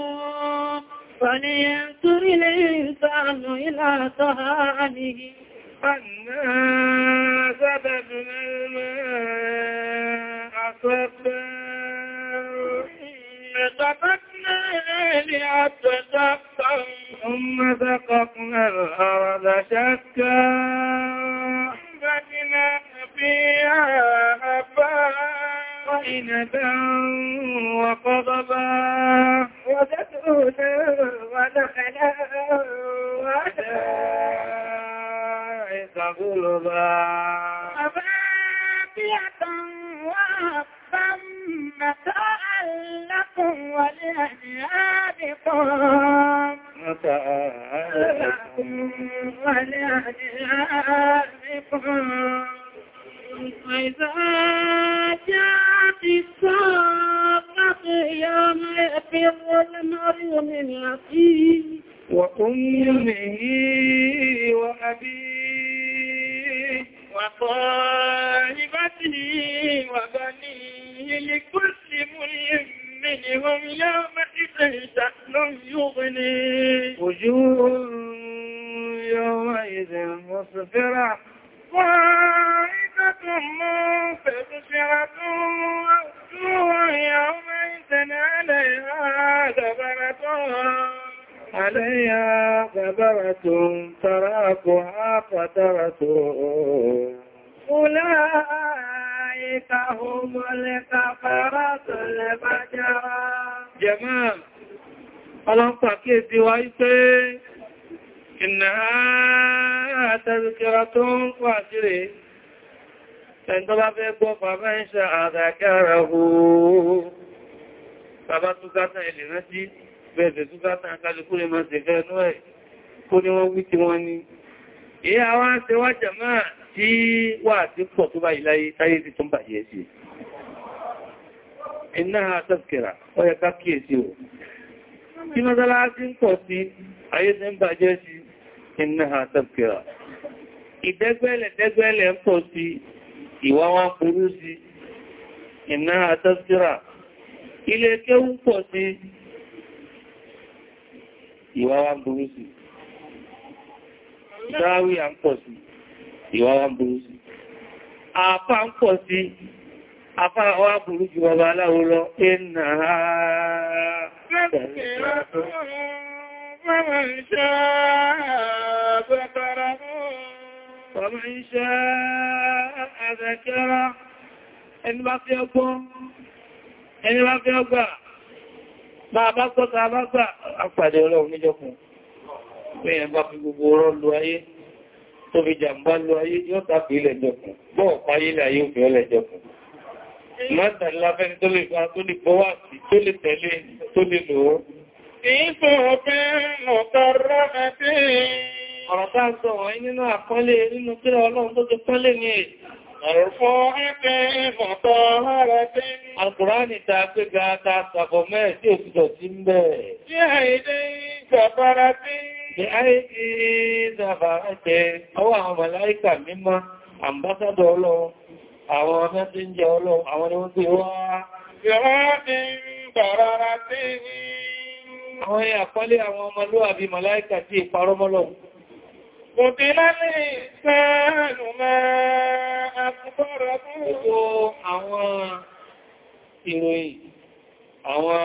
فلينصر الإنسان إلى طعامه أنا سببنا الماء صبا وسمعت شقا ثم سققنا الأرض شكا فبنا فيها أبا وعنبا وقضبا وزيتونا ونخلا وحدائق غلبا أبا بيعة وحبا متاعا لكم ولأنعامكم متاعا لكم ولأنعامكم وإذا جاءت الساقة يوم يفر المرء من أخيه وأمه وأبيه وطائفتي وبني لكل مريم منهم يومئذ شأن يغني وجوه يومئذ مصفرة ضائفة منفسرة وجوه يومئذ عليها دبرة عليها ثبرة تراكها فترة أولئك هم الكفرة الفجرة جماعة ọlọ́pàá kí èsì wá ipé ìnáà àtàzùkẹ́ra tó ń wà síre ẹ̀ntọ́ bá fẹ́ gbọ́ bàbá ń ṣe àdàkẹ́ ara hù bàbá tó gátà ilẹ̀ rẹ̀ sí bẹ̀ẹ̀sẹ̀ tó bá tàn kálukú lè máa tẹ̀fẹ́ ẹnú ẹ̀ kó ní wọ́n wí tí wọ́n ní. Èyí àwọn àṣẹ wá jàmá tí wà tí pọ̀ tó bá ìláyé táyé ti tún bàjẹ́ sí. Iná àtọ́kẹ̀rà, ó yẹ ká kíyèsí o. Tí mọ́sálásí ń pọ̀ sí, ayé ti ń bàjẹ́ sí, iná àtọ́kẹ̀rà. Ìdẹ́gbẹ́lẹ̀ dẹ́gbẹ́lẹ̀ ń Ilé kéwú pọ̀ sí, ìwà wa ń burú sí dáwí à ń pọ̀ sí ìwà wa ń burú sí àpá ń pọ̀ sí àpá wa burú jù bàbá aláwo lọ ẹ̀nà ẹni bá fẹ́ ọgbọ́n ẹni bá fẹ́ ọgbà bá bá gbọ́ta bá gbà àpàdé ọlọ́run níjọkùn mẹ́yàn bá fi gbogbo ọrọ̀ lọ ayé tó fi jàmbá lọ ayé yóò tàbí ilẹ̀ jọkùn bọ́ọ̀ páyé láyé òfin ọlẹ̀ jọkùn mọ́tàláfẹ́ni tó lè fa tó lè bọ́wà sí tó lè tẹ̀lé tó lè lòó Ọ̀rọ̀ tá ń sọ wọ̀nyí nínú àpọ́lé nínú kíra ọlọ́run tó ti pọ́lé ní ẹ̀. Ọ̀rọ̀ ẹgbẹ́ ìmọ̀tọ̀ rẹ̀ tí Alkùránì ta pé ta sàbọ̀ mẹ́ẹ̀ tí òkúdọ̀ sí ń bẹ̀. Bí àìdé ìjàbára bí. Bí àìdé ìjàbára jẹ, ọwọ́ àwọn màláìkà mímọ́, àmbásádọ̀ ọlọ́run, àwọn mẹ́sẹ́njẹ ọlọ́run, àwọn ni wọ́n ti wá. Àwọn àpọ́lé àwọn ní ìsẹ́ẹ̀nù ìròyìn àwọn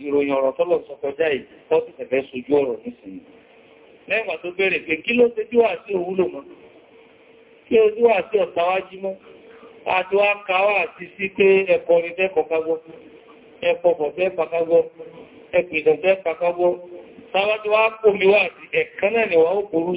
ìròyìn ọ̀rọ̀ tọ́lọ̀ sọ kọjá ìtọ́sí tẹ̀fẹ́ sojú ọ̀rọ̀ nísìnyí lẹ́gbà tó bẹ̀rẹ̀ pé kí ló ṣe jú wà sí òwúlò mọ́ kí ó jú wà sí ọ̀tawájí mọ́ àti wá káwà sí sí pé ẹ̀kọ́ ni tẹ́kọ̀ọ́ kágbọ́ ẹ̀kọ́ bọ̀fẹ́ pàkágbọ́ ẹ̀pìdọ̀fẹ́ pàkágbọ́ sáwájú wá ni wà ó kúrú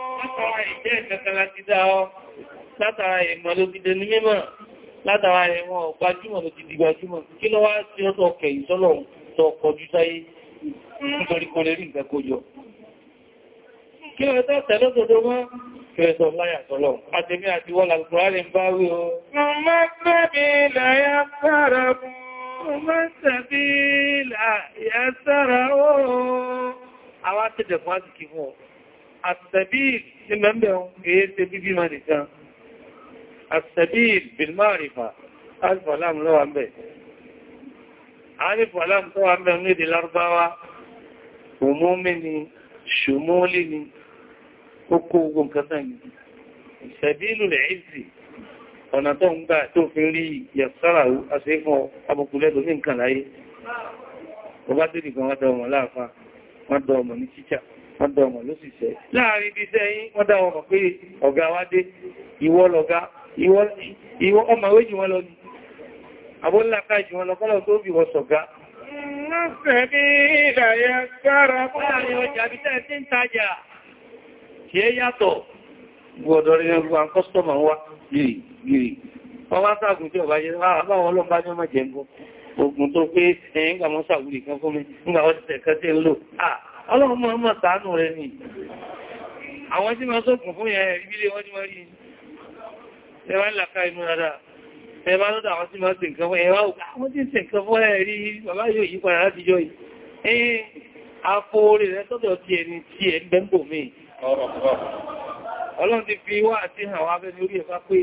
látara ìjẹ́ ìkẹkẹrẹ ti dá ọ látara ìmọ̀ ló ti dẹ ní mímọ̀ látara ìmọ̀ gbajúmọ̀ ló ti di gbajúmọ̀ kí ló wá sí ọ́tọ̀ kẹ̀ ìsọ́lọ̀ tọ kọjú sáyé nítorí kò lè rí nǹkan kó jọ kí ló tọ́ tẹ̀lé òdodo mọ́ kẹsọ̀ láyà sọ́lọ̀ àtẹ̀mí àti wọ́n làgbọ́n rẹ̀ ń bá wí o Mọ̀mọ́ gbẹ́bí àwọn àtẹ̀dẹ̀ fún àti kí fún ọ السبيل لمنبه يسبي بما نكان السبيل بالمعرفة ألف ولام لو عمبه ألف ولام لو عمبه من دي الأربعة عمومني شمولني حقوق كثاني سبيل العز ọ̀nà tó ń gbà tó fi rí yẹ̀sára àṣífọ́ abùkúlẹ́dò ní nǹkan láyé ọba tó dìkan wọ́n dọ̀ ọmọ láàfá wọ́n dọ̀ ọmọ ní títà wọ́n dá ọmọ ló sì ṣẹ́ láàrin ibi iṣẹ́ yín wọ́n dá ọmọ pé ọ̀gá wá dé ìwọ lọ̀gá ìwọ ọmọ wéjì wọn lọ ní àbólàká ìjì wọn lọ́kọ́lọ́ tó bí wọ́n sọ̀gá Wọ́n wá sáàgùn tí ọ̀bá yẹ́ àbáwọn ọlọ́pàá ní ọmọ jẹ́ ń fún mi, ọlọ́run mọ́ mọ́ ṣàánú rẹ̀ ni àwọn tí máa sọ́kùn fún yẹn ìbílé wọ́n tí máa rí ẹwà ń làkà inú rárá ẹwà lọ́dà àwọn tí máa ṣe nǹkan fún ẹwà àwọn tí ń ṣe nǹkan fún ẹ̀rí bàbá yóò yí padà láti jọ yìí ẹ̀yìn afóore rẹ̀ sọ́dọ̀ ti ẹni tí ẹ̀ ń bẹ́ńgbò mi ọlọ́run ti fi wá àti hàn wá bẹ́ni orí ẹ̀fá pé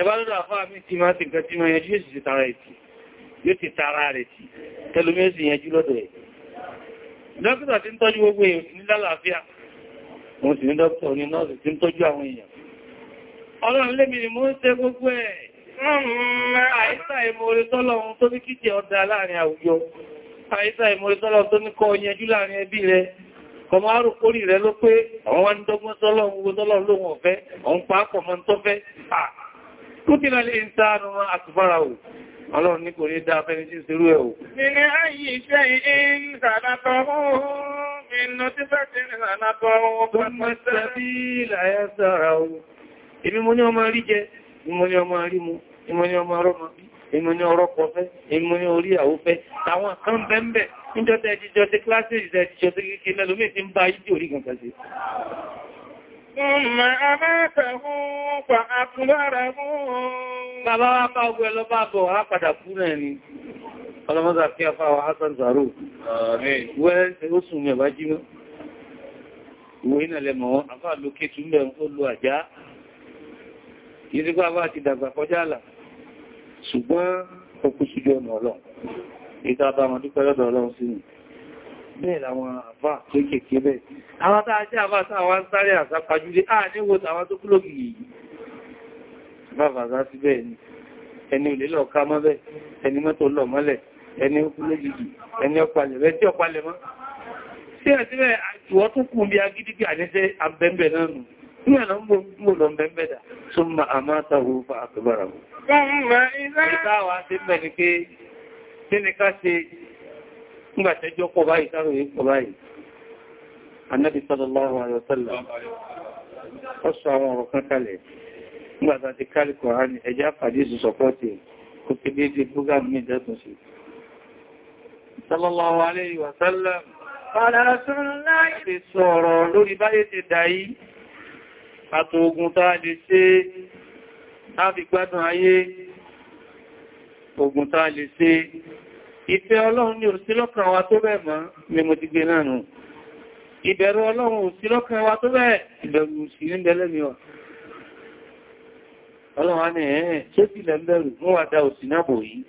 ẹbá lọ́dọ̀ àfáà mi ti máa dókítà tí ń tọ́jú gbogbo èèyàn ní lálàáfíà wọ́n sì ní dókítà ní nọ́ọ̀sì tí ń tọ́jú àwọn èèyàn ọlọ́run lémi ni mo ń ṣe gbogbo ẹ̀ àìsà ìmòrè tọ́lọ́run tó ní kíjẹ ọ̀dà láàrin àwùjọ àìsà ìmòrè tọ́lọ́run tó ní kọ ìyẹnjú láàrin ẹbí rẹ kọmọ àrùkórí rẹ ló pé àwọn wá ń dọ́gbọ́n tọ́lọ́run gbogbo tọ́lọ́run lóhun ọ̀fẹ́ òun pàápọ̀ mọ́ tó Ọlọ́run ní kò ní dá fẹ́ni tí ń serú ẹ̀ o. Nínú ayé iṣẹ́ ìhìn ìrànàtọ̀ ohun inú tí fẹ́ ti ìrànàtọ̀ ohun pẹ̀lú tẹ́bí ìlàyẹ́ sára ohun. Èmi mo ní ọmọ rí jẹ, mo ní ọmọ rí mu, mo ní ọmọ rọ́mọ bí ìmú ní ọ̀rọ̀ pọ̀ fẹ́, ìmú ní orí àwó fẹ́. Àwọn kan bẹ́m̀bẹ̀ níjọ́ tẹ́ jíjọ́ tí kílásì ìṣẹ́ jíjọ́ tí kíkí lẹ́lómí ti ń bá ìdí orí gan-an sí. ثم أماته فأقبره Bàbá wá pa ogun ẹlọ bá bọ̀ wá padà kú náà ni. Ọlọ́mọ́sà kí a fáwọ̀ Hassan Zaro. Wẹ́ ó sùn mẹ́bá jí mọ́. Ìwé náà lẹ́mọ̀ wọn, àfáà ló ké tún bẹ̀rún ó lo àjá. Ìdígbà bá ti dàgbà kọjá àlà. Ṣùgbọ́n ọkùn bẹ́ẹ̀ làwọn àbá tó kèké bẹ́ẹ̀. Àwọn tàà jẹ́ àbá tàwà ń sáré àsápajúdé, à níwò tàwà tó kúrò gìí. Bàbà sá sí bẹ́ẹ̀ ni, ẹni olè lọ ká mọ́bẹ̀, ẹni mọ́tò lọ mọ́lẹ̀, ẹni kúrò gìí, ẹni ọpalẹ̀ rẹ̀ tí ọpalẹ̀ mọ́. Sí ẹ̀ síbẹ̀ ìwọ́ tó kù bí agídígbì àníṣẹ́ abẹ́m̀bẹ̀ náà nù. Ní àná mú lọ bẹ́m̀bẹ̀ nígbàtẹ́jọ́ pọ̀ báyìí sáré pọ̀ báyìí annabi sallallahu alaihi wasallam ó sọ àwọn ọ̀rọ̀ kan kalẹ̀ nígbàtà ti kálì kọ̀hánì ẹjá pàdé ìsù sọpọ́tì kò ti dédé program ní ìdẹ́tùn sí sallallahu alaihi wasallam padà tún láì lè ìfẹ́ ọlọ́run ní òsílọ́kàn wa tó bẹ́ẹ̀ mọ́ ni mo ti gbé náà nù ìbẹ̀rù ọlọ́run òsílọ́kàn wa tó bẹ́ẹ̀ ìbẹ̀rù sí ní bẹ̀lẹ́ mi wà ọlọ́run á ní ẹ̀ẹ́ ṣé sílẹ̀ ń bẹ̀rù mú wà dá òsì náà bò yìí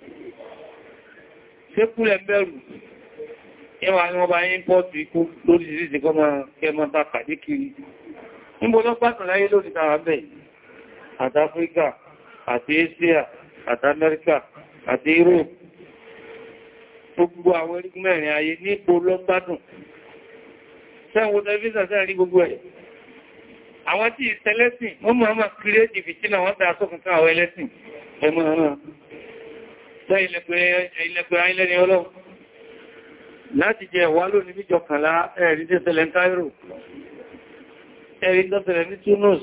ṣé kúlẹ̀ ń bẹ̀rù ẹwà ni wọ́n gbogbo àwọn orígun mẹ́rin ayé ní ipò lọ́gbádùn sẹ́wọ̀n tẹ́lifíṣà sẹ́rẹ̀ rí gbogbo ẹ̀ àwọn tí ìtẹ́lẹ́sìn wọ́n mọ̀ ọmọ kírẹ́tì fìtínà wọ́n tàà sókùn ká àwọn ẹlẹ́sìn ẹmọ ọmọ sẹ́ ilẹ̀pẹ̀ ayílẹ́ni ọlọ́run láti jẹ wà lónìí bí jọkànlá ẹ̀rí tẹ́sẹ̀lẹ̀ Cairo ẹ̀rí tẹ́sẹ̀lẹ̀ ní Tunis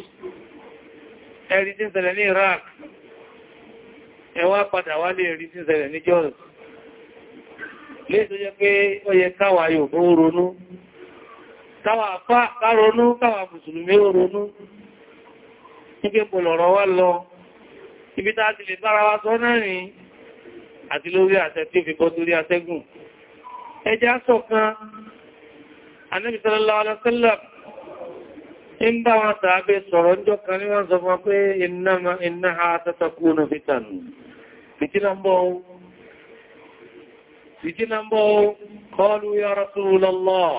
ẹ̀rí tẹ́sẹ̀lẹ̀ ní Iraq ẹwà padà wálé ẹ̀rí tẹ́sẹ̀lẹ̀ ní Jordan lé tó jẹ́ pé ó yẹ káwà yòòbó ronú káwà fà káronú káwà mùsùlùmí ronú nígbé pòlọ̀rọ̀ wá lọ ibi tá ti lè bára wa sọ náà rìn àti lórí àṣẹ tí ó fi bọ́ torí atẹ́gùn ẹjá sọ̀kan Ànábì sallallahu alaihi wasallam in bá wọn tàbí sọ̀rọ̀ ń jọka ní wọ́n sọ fún pé iná ha fìtínà ń bọ́ qalu ya Rasulullah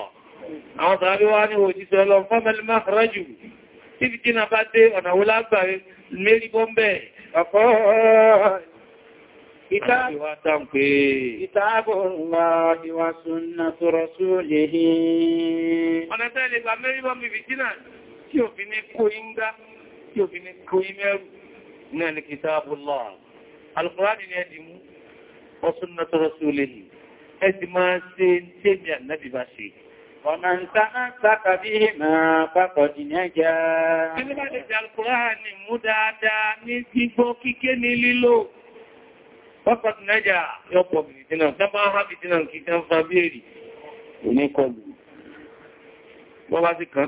àwọn tàbí wá ní òjíṣẹ́ lọ fọ́mẹ́lì máa rẹ́jù tí fìtínà bá dé ọ̀nà wó lágbàrí mérí bọ́m̀bẹ̀ ọ̀pọ̀ Ìtàbùnlá ìwà súnnà tó rasulihi. Ọ̀nà tẹ́lẹ̀ gbà mẹ́rí bọ́m̀bì fìtínà tí ò fi náà ni kìtàbùnlá. وسنة رسوله أدما سنتم يا النبي باشي ومن تمسك بهما فقد نجا Kíni bá lè jẹ Al-Qur'an mú dáadáa ní gbígbọ́ kíké ní lílò? Fọ́kọ̀t nẹ́jà yọ pọ̀ bìtìnà, tẹ́bá ha bìtìnà kí tẹ́ ń fa béèrè, kò ní kọlù. Wọ́n bá sí kan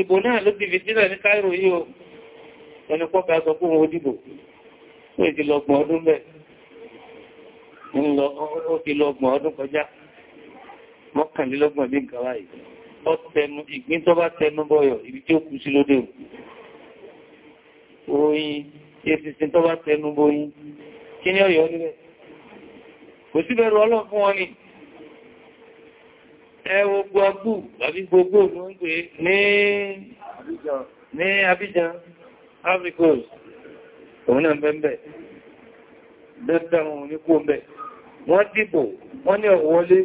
ìbò náà ló ti fi sílẹ̀ ní Cairo yìí o ẹni pọ́pẹ́ aṣọ fún wọn òdìbò ó ti lọ́gbọ̀n ọdún bẹ́ẹ̀ ó ti lọ́gbọ̀n ọdún kọjá mọ́kànlélọ́gbọ̀n bí nǹkan wáyìí ọ̀tẹnu ìgbín tó bá tẹnu bọ́yọ̀ ibi tí ó kú sí lóde òyìn èsìsìn tó bá tẹnu bọ́yìn ẹwọ gbogbo àbí gbogbo mọ́ ń pè ní Abidjan africos òun náà bẹ́m̀bẹ̀ dẹ́dẹ́ wọn ní kó mẹ́ wọ́n dìbò wọ́n ní ọ̀wọ́lé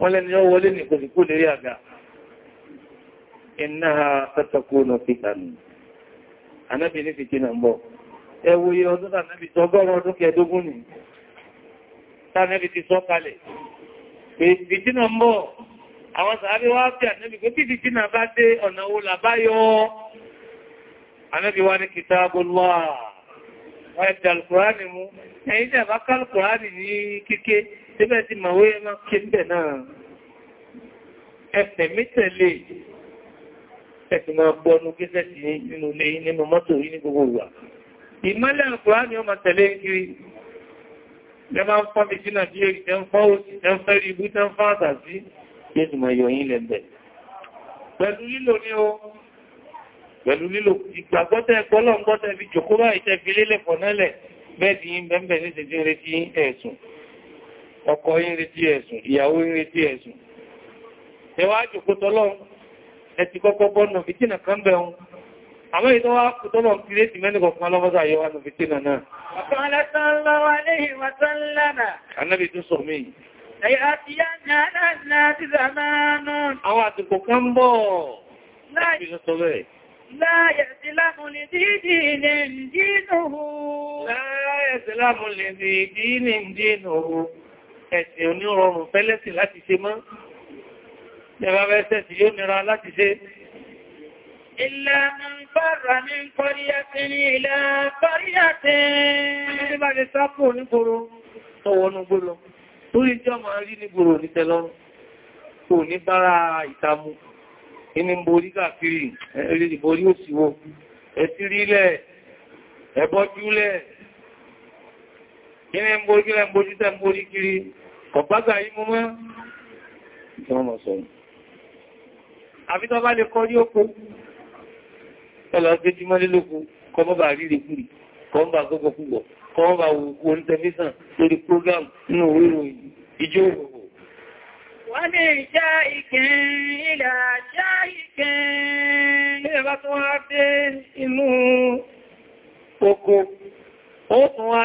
wọ́n lẹ́ni ọwọ́lé ní kòsìkò lérí àga iná tàtàkù náà fi tànù anábì ní fìtí nà ń bọ̀ ẹwòye ọdún tàbí tọgọ́rọ̀ ọdún kẹẹ̀dógún ni tàbí ti sọ kalẹ̀ fìtí nà ń bọ̀ àwọn sàábí wá bí ànẹ́bì pé títí jí náà bá dé ọ̀nà wo làbáyọ́ ànẹ́bì wá ní kitabullah wọ́n ẹ̀dà alkùránì mú ẹ̀yìn jẹ́ bá kálùkùránì ní kíké síbẹ̀ ti màwé ẹmá kí ń bẹ̀ náà ẹ̀fẹ̀ mítẹ̀lẹ̀ ẹ̀fẹ̀ máa gbọ́nu gẹ́sẹ̀ sí nínú ilé nínú mọ́tò yìí ní gbogbo ìwà ìmọ́lẹ̀ alkùránì ọmọ tẹ̀lé kiri lẹ́mà ń fọ́ bí i ẹ̀ ń fọ́ tẹ́ ń fọ́ àtàzí yóò sì mọ̀ yọ yín lẹ́gbẹ̀. Pẹ̀lú lílò ní o, pẹ̀lú lílò ìgbàgbọ́tẹ̀ gbọ́lọ̀gbọ́tẹ̀ fi jòkóbá ìtẹ́ fi lélẹ̀ fọ̀nẹ́lẹ̀ bẹ́ẹ̀ tí yí bẹ́ẹ̀ ní ṣètí retí ẹ̀sùn, ọkọ yí retí ẹ̀sùn, ìyàwó yí retí ẹ̀sùn. Ẹwà jòkótọ́lọ́ ẹ ti kọ́kọ́ bọ́nà fìtínà kan bẹ̀ ohun. Àmọ́ ìtọ́ wá kùtọ́lọ̀ ń kìrẹ́ ti mẹ́nìkọ̀ fún alọ́mọ́sá yọ́wà nù fìtínà náà. Ọ̀tọ́ alẹ́sán Àwọn àtìkò kan ń bọ̀. Láyé ìsìlámù lè dìídì ní ìdínúhù. Láyé ìsìlámù lè dìídì ní ìdínúhù. Ẹ̀sìn onírọrùn fẹ́lẹ́sìn láti ṣe mọ́. Ẹ̀bá fẹ́sẹ̀ sí yóò nira láti ṣe. Ìlà mọ̀ ń fàrà ní sápò ní kòrò, tọwọ́nú gbólọ́ torí jẹ́ ọmọ rí ní gbòrò ní tẹ́lọ́rùn kò ní bára ìtamu inú borí káàkiri ẹ̀rí ìborí òsìwò ẹ̀tírílẹ̀ ẹ̀bọ́júlẹ̀ inú borí lẹ́mbojú tẹ́mborí kiri kọ̀gbágbà yí mú mọ́ ìjọmọ sọ̀rọ̀ àbítọ́ bá lè kọ́ ní oko ẹlọ́gbẹ́júmọ́lélógún kọmọ́bà rí kọ́ wà wọn tẹlifíṣàn lórí program nínú orí ìròyìn ìjọ òwòwò. wọ́n ní ìjá ìkìn ilẹ̀ àjá ìkìn ilẹ̀ bá wá dé inú oko ó tún wá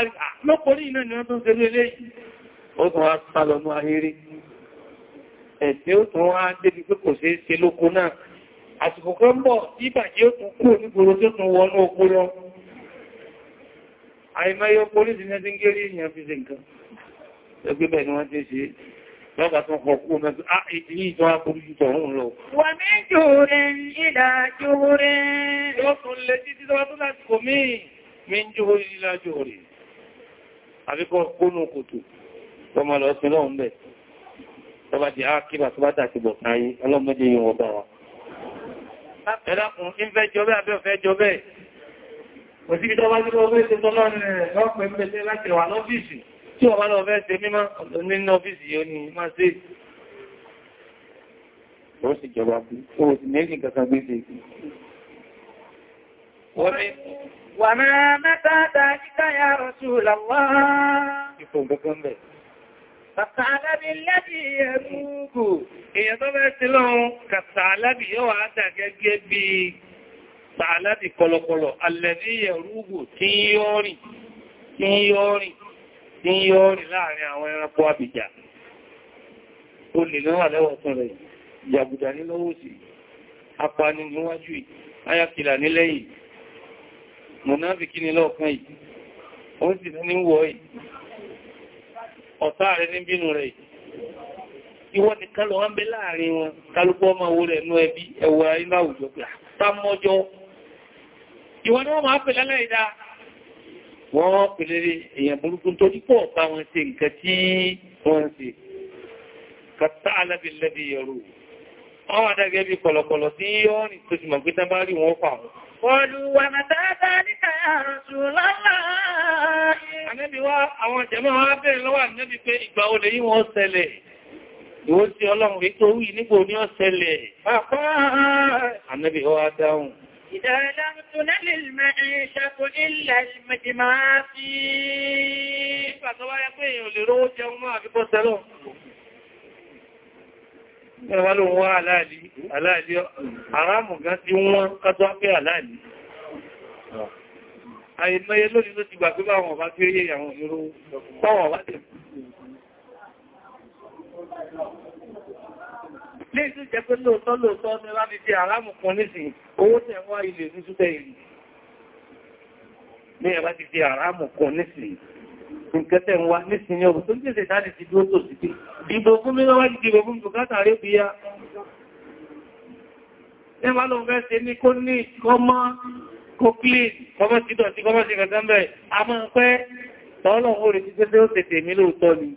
lọ́pọ̀lú iná ni wọ́n tún ilé ó tún wá sálọ̀nù ahéré ẹ̀sìn ó tún wá débi pé àìmẹ́yọ polisi ní ẹdín gẹ́rí èèyàn fi ṣe nǹkan ẹgbẹ́ bẹ́ẹ̀ ni wọ́n ti ṣe lọ́gbà tó kọ̀ kú mẹ́sí ah, ìdílé ìtọ́ àpòrújú tọ̀rún lọ wà méjì rẹ̀ ìdájú yóò tún lè títí tọ́wọ́ tó láti kò mí kò sí ìjọba tí ó fẹ́ ṣe tọ́lá lọ́pẹ́ pẹ́lẹ́ láti wà lọ́fíìsì tí ọba lọ fẹ́ ṣe mímọ́ nínú ọ́fíìsì yóò ní máa ṣe wọ́n sì jọba fún ó sì méjì kankan gbé ṣe wà máa mẹ́ta dájíká ya Rasulullah ìfòǹ kankan bẹ̀ Kàtàlábì lẹ́bì ẹ̀rùn-ún kò, èèyàn tó bẹ́ẹ̀ sí lọ́run, kàtàlábì yóò wà á dà gẹ́gẹ́ bíi sàálàbì kọlọkọlọ alẹ́bí ẹ̀rúgbò tí yóò rìn tí yóò rìn tí yóò rìn láàrin àwọn ẹranko àbìjà ó lè lọ́wà lẹ́wọ̀ tún rẹ̀ jàgùdà ní lọ́wọ́ sí apani níwájú ayakìlà nílẹ́yìn mọ̀náàbìkí ni lọ́ọ̀kan yìí ó sì ní wọ́ yìí ọ̀tá rẹ̀ ní bínú rẹ̀ ni kálọ̀ wọ́n bẹ láàrin wọn kálùkù ọmọ owó rẹ̀ nú ẹbí ẹwà iná àwùjọ pé àtàmọ́jọ́ ah, ìwọ ni wọ́n máa pè lẹ́lẹ́ ìdá wọ́n pèlè èèyàn burúkú tó dípọ̀ bá wọn ṣe nǹkan tí wọ́n ṣe kàtà alábìlẹ́bì yọrù wọ́n wà dágẹ́ bí kọ̀lọ̀kọ̀lọ̀ tí yọ́ ní tó ti mọ̀ pé tán bá rí wọn fà wọn Olúwa màtàtà ní kààrùsù lọ́lá. Ànẹ́bí wá àwọn jẹmọ́ wá bẹ̀rẹ̀ lọ́wà nẹ́bí pé ìgbà wọ́n ṣẹlẹ̀. Ìwọ́n tí Ọlọ́run ètò orí إذا لم تنل المعيشة إلا المجمع فيه فسوى يقول لروج يوم ما في قصة Ẹwà ló wá aláàlì, aláàlì, àrámù gan ti wọ́n kátọ́ pé aláàlì. pé báwọn ọba lè tún jẹ́ pé lóòtọ́ lóòtọ́ ní láti fi àrámù kan nísìn owó tẹ̀ wá ilẹ̀ ní sútẹ́ ìlú ní ẹ̀bá ti fi àrámù kan nísìn nǹkan tẹ̀ wá nísìn ní ọ̀bùn tó ní ṣe tàbí ti dúró tó sí pé ìbò fún mi wá dìbò fún bùkátà rẹ̀ bí ya ẹ má lọ fẹ́ ṣe ní kó ní kọmọ kó clean kọmọ sí dọ̀tí kọmọ sí kẹsàn bẹ́ẹ̀ a máa pẹ́ tọ́lọ̀ orí ti tẹ́tẹ́ ó tètè mi lóòtọ́ ni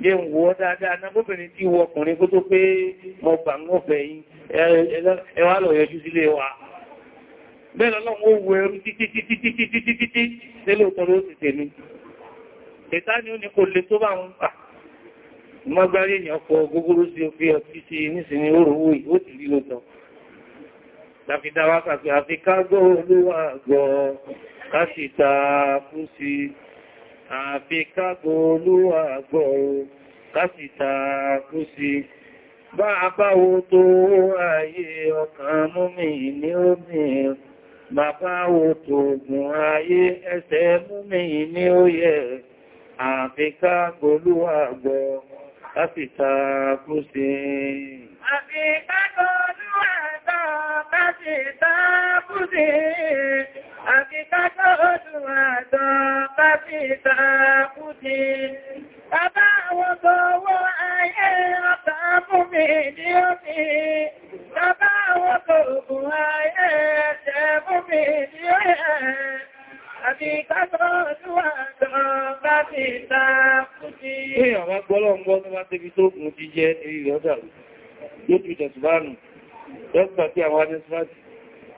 yẹ ń wọ́ dáadáa náà bóbìnrin tí wọ ọkùnrin kó tó pé mọ gbà ń ọ̀fẹ́ yìí ẹ wá lọ yọjú sílé wa bẹ́ẹ̀ lọ́lọ́run wọ ẹrú títítítítítítítítí lélò tọrọ ó sì tèmi ìta ni ó ní kò lè tó bá ń pà mọ́gbárí èèyàn fọ gógóró sí òfin ọtí sí nísìnyí òrùwò ó ti rí lóòtọ́ tàbídáwà pàpẹ àfikà gbọ́ olúwà gbọ́ fún sí àfi kápò olúwà gbọ́rù kásìta kú sí bá apáwo tó ayé ọkàn múmi ní obìnrin bàbáwo tó gùn ayé ẹsẹ̀ múmi ní ó àfi kápò olúwà gbọ́rù kásìta kú sí àfi kápò olúwà gbọ́rù kásìta kú sí débi tó mú ti jẹ́ eré rẹ̀ ọ̀dàrú yóò ti tẹ̀sùbánù yóò gbà pé àwọn adẹ́sùmáàtì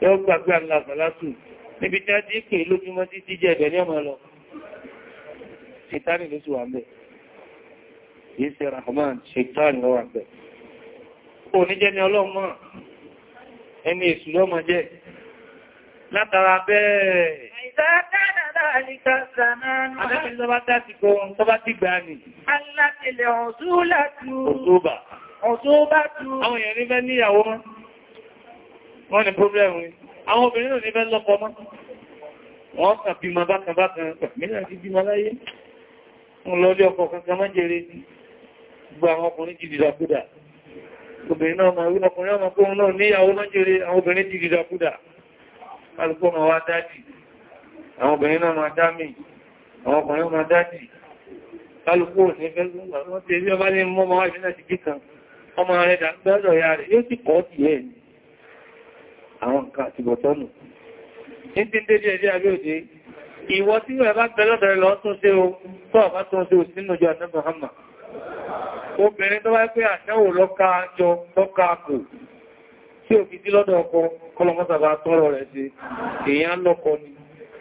yóò gbà pé àlà àfàlátù níbi tí a dé pè lójúmọ́ tí ti jẹ́ ẹ̀bẹ̀ ní ọmọ lọ rahman ṣètánì ló wà ń ni ọlọ́mọ ẹni èṣù lọ́mọ jẹ́ látara bẹ́ẹ̀ ذلك الزمان Àdábí tó bá dásìkò tó bá ti gbà ní. Alátìlẹ̀ ọ̀túlàtú. Ọ̀túbà. Ọ̀túbàtú. Àwọn mọ́. Wọ́n ni pọ́blẹ̀mù. Àwọn obìnrin náà nífẹ́ lọ́kọ mọ́. Wọ́n kàn bímọ bákan bákan. Mílẹ̀ ti bímọ láyé. Wọ́n lọ lé ọkọ̀ kankan mọ́ jẹrẹ ní. Gbogbo àwọn ọkùnrin jìdì dàkúdà. Obìnrin náà máa wí ọkùnrin ọmọkùnrin náà níyàwó mọ́ jẹrẹ àwọn obìnrin jìdì dàkúdà. Alùpùpù máa wá dájì àwọn obìnrin náà máa dá mí àwọn ọkùnrin máa dádì kálùkù ní fẹ́gbùngbà wọ́n ti rí ọba ní mọ́ ma wáyé láti bí kan ọmọ rẹ̀ dàgbẹ́rọ̀ ya rẹ̀ yóò sì kọ́ ti ẹ̀ ní àwọn nǹkan àti bọ̀tọ́nù ní tí ń dé díẹ̀ díẹ̀ bí òde ìwọ tí rẹ̀ bá gbẹ́lọ́dọ̀rẹ̀ lọ tún ṣe o tó àbá tún ṣe ò sínú ìjọ àtẹ́bọ̀ hàmà obìnrin tó bá pé àṣẹ́wò lọ́ka jọ lọ́ka kò tí òfin lọ́dọ̀ ọkọ kọlọmọ́sàbà tọ́rọ rẹ̀ sí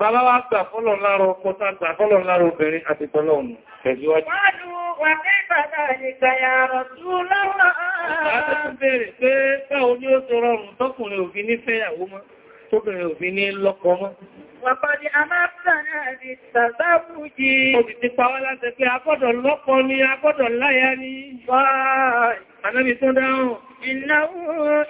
Bàbá wá gbà fọ́lọ̀ lára ọkọ tá gbà fọ́lọ̀ lára obìnrin àti pẹ̀lọ̀ ọ̀nà tẹ̀síwájú. Wájú wà ní bàbá ìgbà yàrọ̀ tú lọ́wọ́. Àti tún bèèrè pé báwo ni ó tó rọrùn tọ́kùnrin òfin ní fẹ́yàwó mọ́, tóbìnrin òfin ní lọ́kọ mọ́. Wàpàdé amáfẹ́nà àti tàbábùjì. Ó ti ti pa wá ni akọ́dọ̀ láyá ni. إنه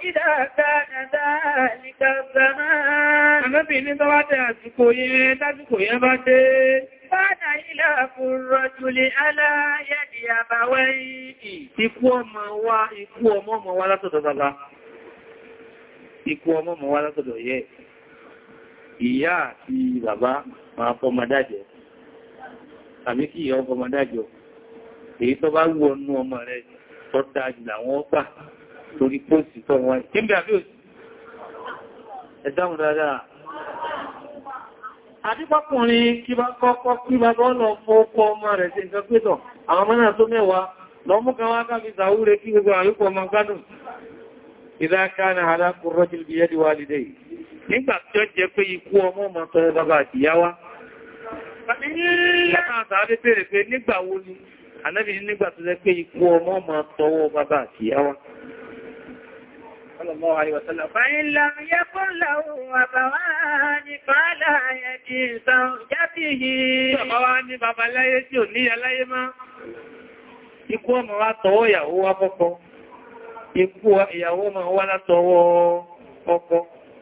إذا كان ذلك الزمان أمبيني طواتي أسكوية تسكوية باتي Fáàdà ilẹ̀ àkùnrọ̀jù lè aláyẹ̀dì àbáwẹ́ yìí. Ikú ọmọ wa, ikú ọmọ ọmọ wa látọ̀dọ̀ bàbá. Ikú ọmọ ọmọ wa látọ̀dọ̀ yẹ. Ìyá àti bàbá máa fọmọdájẹ́. Àmì kí ìyá ọmọdájọ́. Èyí tó bá wù ọnú ọmọ rẹ̀ tọ́ta jù làwọn ọpàá torí pósì tọ́ wọn tí ń bẹ̀ àbí òsì ẹ̀dáhùn dáadáa àdípákùnrin kí bá kọ́kọ́ kí bá bọ́ lọ fọ́ọ̀kọ́ ọmọ rẹ̀ sí nǹkan pẹ́tọ̀ àwọn mọ́nà tó mẹ́wàá lọ mú kan wá káfí sàúrẹ́ kí gbogbo àríkọ ọmọ gbádùn ìdákaná alákùnrọ́ jìl bí yẹ́dì wà lìdẹ̀ yìí nígbà tí ó jẹ́ pé ikú ọmọ ọmọ tọrọ bàbá àtìyáwá nígbà wo ni Ànábì nígbà tó jẹ́ pé ikú ọmọ ọmọ tọwọ́ bàbá àtìyáwá صلى الله عليه وسلم فإن لم يكن له أبوان فلا يدي زوجته أبوان bàbá láyé tí ò níyà láyé máa ikú ọmọ wá tọwọ́ ìyàwó wá fọ́kọ́ ikú ìyàwó ma wá látọwọ́ ọkọ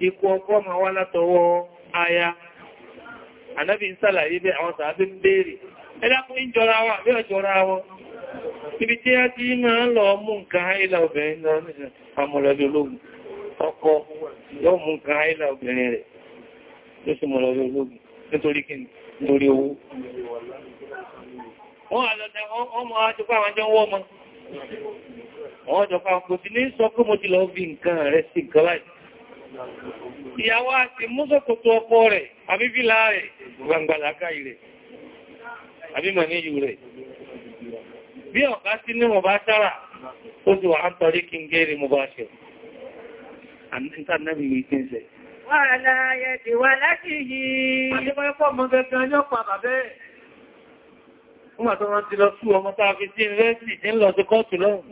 ikú ọkọ ma wá látọwọ́ aya anábi ń sàlàyé bẹ́ àwọn sàábí ń béèrè ẹlákùn ìjọra wà bí ọjọ́ra ibi tí a ti máa lọ mú nǹkan àìlà obìnrin náà amọ̀lọ́bí ológun ọkọ yóò mú nǹkan àìlà obìnrin rẹ̀ ló sì ológun nítorí kí nítorí owó wọ́n àlọ́dá àwọn jọ wọ́n mọ́ wọ́n jọpá kò sí ní sọ bí ọ̀ká sí ní mọ̀bá sára ó sì wà á tọrí kí n gẹ́rì mọ̀bá ṣe Nígbà tó rántí lọ sú ọmọ tàà fi sí ìrẹ́sì tí ń lọ sí kọ́ọ̀tù lọ́wọ́.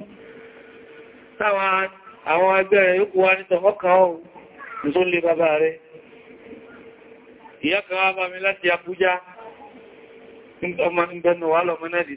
Táwọn àwọn ẹgbẹ́ rẹ̀ yóò kú wá ní tọ̀mọ́ kan ọ̀hún ní tó lè bàbá rẹ̀. Ìyá láti Abuja, ọmọ ìgbẹ̀nà wà lọ́mọ náà dì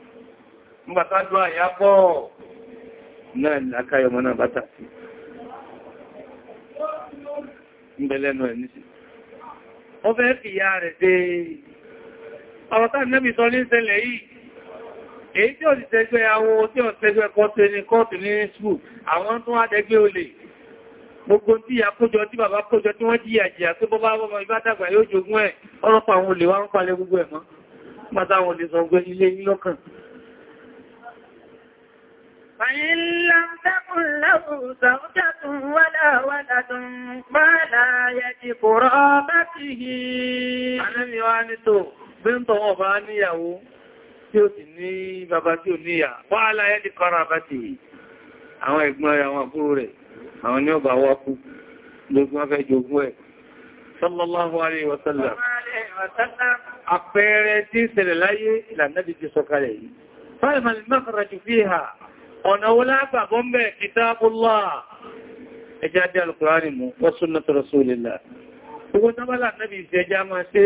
nígbàtájú àyà pọ̀ náà ni akáyọmọ náà bá tàbí ń bẹ lẹ́nu ẹ̀ níṣẹ́ wọ́n fẹ́ fi ya rẹ̀ dé ọ̀rọ̀ tá nẹ́bì sọ ní ṣẹlẹ̀ yìí èyí tí ó ti tẹ́gbẹ́ àwọn tí ó tẹ́gbẹ́ kọ́tẹ́ ní kọ́ọ̀tù ní ṣùgbù àwọn tó wá dẹ́gbẹ́ olè gbogbo tí a kójọ tí bàbá kójọ tí wọ́n jíyà jìyà tó bọ́bá bọ́bá ìbádàgbà yóò jogún ẹ̀ ọlọ́pàá àwọn olè wá ń palẹ̀ gbogbo ẹ̀mọ́ فإن لم تكن له زوجة ولا ولد ما لا يجب رابته Ànábì wa ní tó bí ń tọwọ́ bá níyàwó tí ó sì ní bàbá tí ó níyà, wọ́n àwọn ẹ̀gbọ́n rẹ̀ àwọn àbúrò rẹ̀, àwọn ní ọba wọ́pù lógún afẹ́ jogún ẹ̀. Sallallahu alaihi wasallam. Àpẹẹrẹ tí ń ṣẹlẹ̀ láyé ìlànà ọ̀nà wo lágbàgbọ́ mẹ́ kitabullah ẹjá dé alùkùránì mú wa sunnat rasulillah gbogbo tábálà náàbì ìfẹ́ ẹjá máa ṣe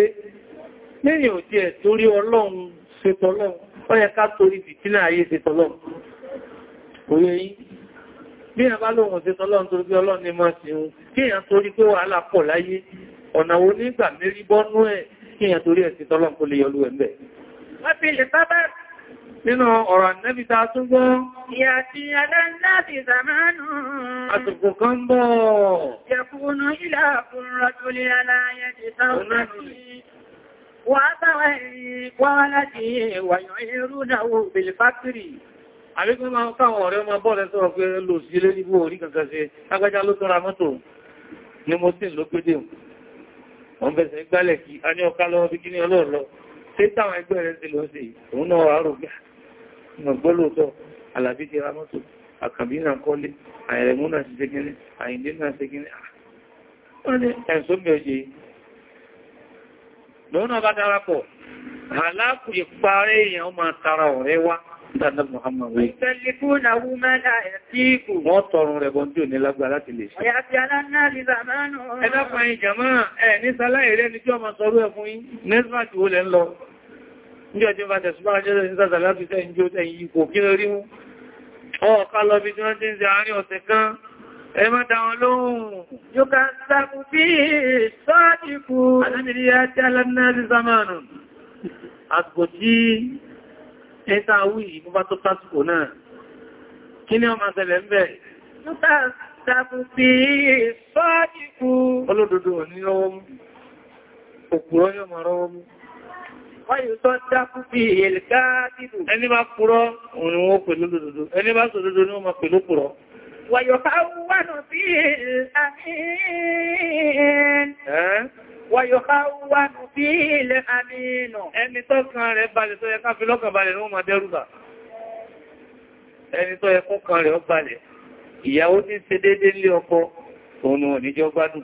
lẹ́yìn ò tí ẹ̀ torí ọlọ́run ṣe tọ́lọ́run ó yẹ ká torí fìtínà ayé ṣe tọ́lọ́run òye yìí bí ẹ̀ bá ni máa ṣe hun kí èèyàn torí pé wàhálà pọ̀ láyé nínú ọ̀rọ̀ nẹ́bí ta tún gbọ́. Ìyà ti aláǹláti zàmánù. Àtùkù kan bọ̀. Yẹ̀kùnù ilá fún rọ́júlé aláyẹ̀ ti sáwọn Wà sáwẹ̀ ìwọ́ láti wàyàn irú náà bèlè fákìrì. Àríkọ́ máa káwọn ọ̀rẹ́ ọmọ bọ́ọ̀lẹ́ sọ́rọ̀ pé lò sí ilé níbú orí kankan ṣe, agbájá ló sí ló gbọ́lóòtọ́ Àlàbí ti ra mọ́tò àkànbí náà kọ́lé àìrẹ̀mú náà ṣe gíní àìdé ah! náà ṣe gíní wọ́n ni ẹ̀sùn mi òye lọ́nà bá darapọ̀ àlákù ìparẹ́ èèyàn máa tara ọ̀rẹ́ wá Ìtàdà Mùhammadu. Ìtẹ̀lifúnà wúmẹ́lá ẹ̀tíkù. Wọ́n tọrùn rẹ̀ bọ́n tí ò ní lágbà láti lè ṣe. Ẹ̀yà ti aláàrínà lè zàmánù. Ẹ̀dọ́kùnrin jàmáà ẹ̀ ní sálá ìrẹ́ ni tí ọmọ sọrú ẹ̀fún yí. Nẹ́sìmá ti wó lẹ́ ń lọ ní ọjọ́ bá tẹ̀sùbá ajẹ́lẹ̀ ní sàtàlá fi tẹ́ ìjọ tẹ́ yìí kò kí lórí mú ọ̀ọ̀ká lọ bí tí wọ́n ti ń ṣe àárín ọ̀sẹ̀ kan ẹ má dá wọn lóhùn yóò ká sáàkù bí sọ́ọ̀dìkù alámìrí àti alámìrí zamanu àsìkò tí ẹta wí ìbú bá tó ni ọwọ́ mú òpùrọ́ yóò mọ̀ rọ́wọ́ mú Ẹni bá purọ́, òun ni wọ́n pè lódodo. Ẹni bá sọ lódodo ni wọ́n máa pè lópùrọ́. Wàyọ̀káwọ́nù sí àmín. Wàyọ̀káwọ́nù sí ilẹ̀ àmín. Ẹni tó kan rẹ̀ balẹ̀ tó yẹ ká fi lọ́kàn balẹ̀ ni wọ́n máa dẹ́rùbà. Ẹni tó yẹ kó kan rẹ̀ ó balẹ̀. Ìyàwó ti ṣe déédé lé ọkọ, òun ni wọ́n níjọ gbádùn.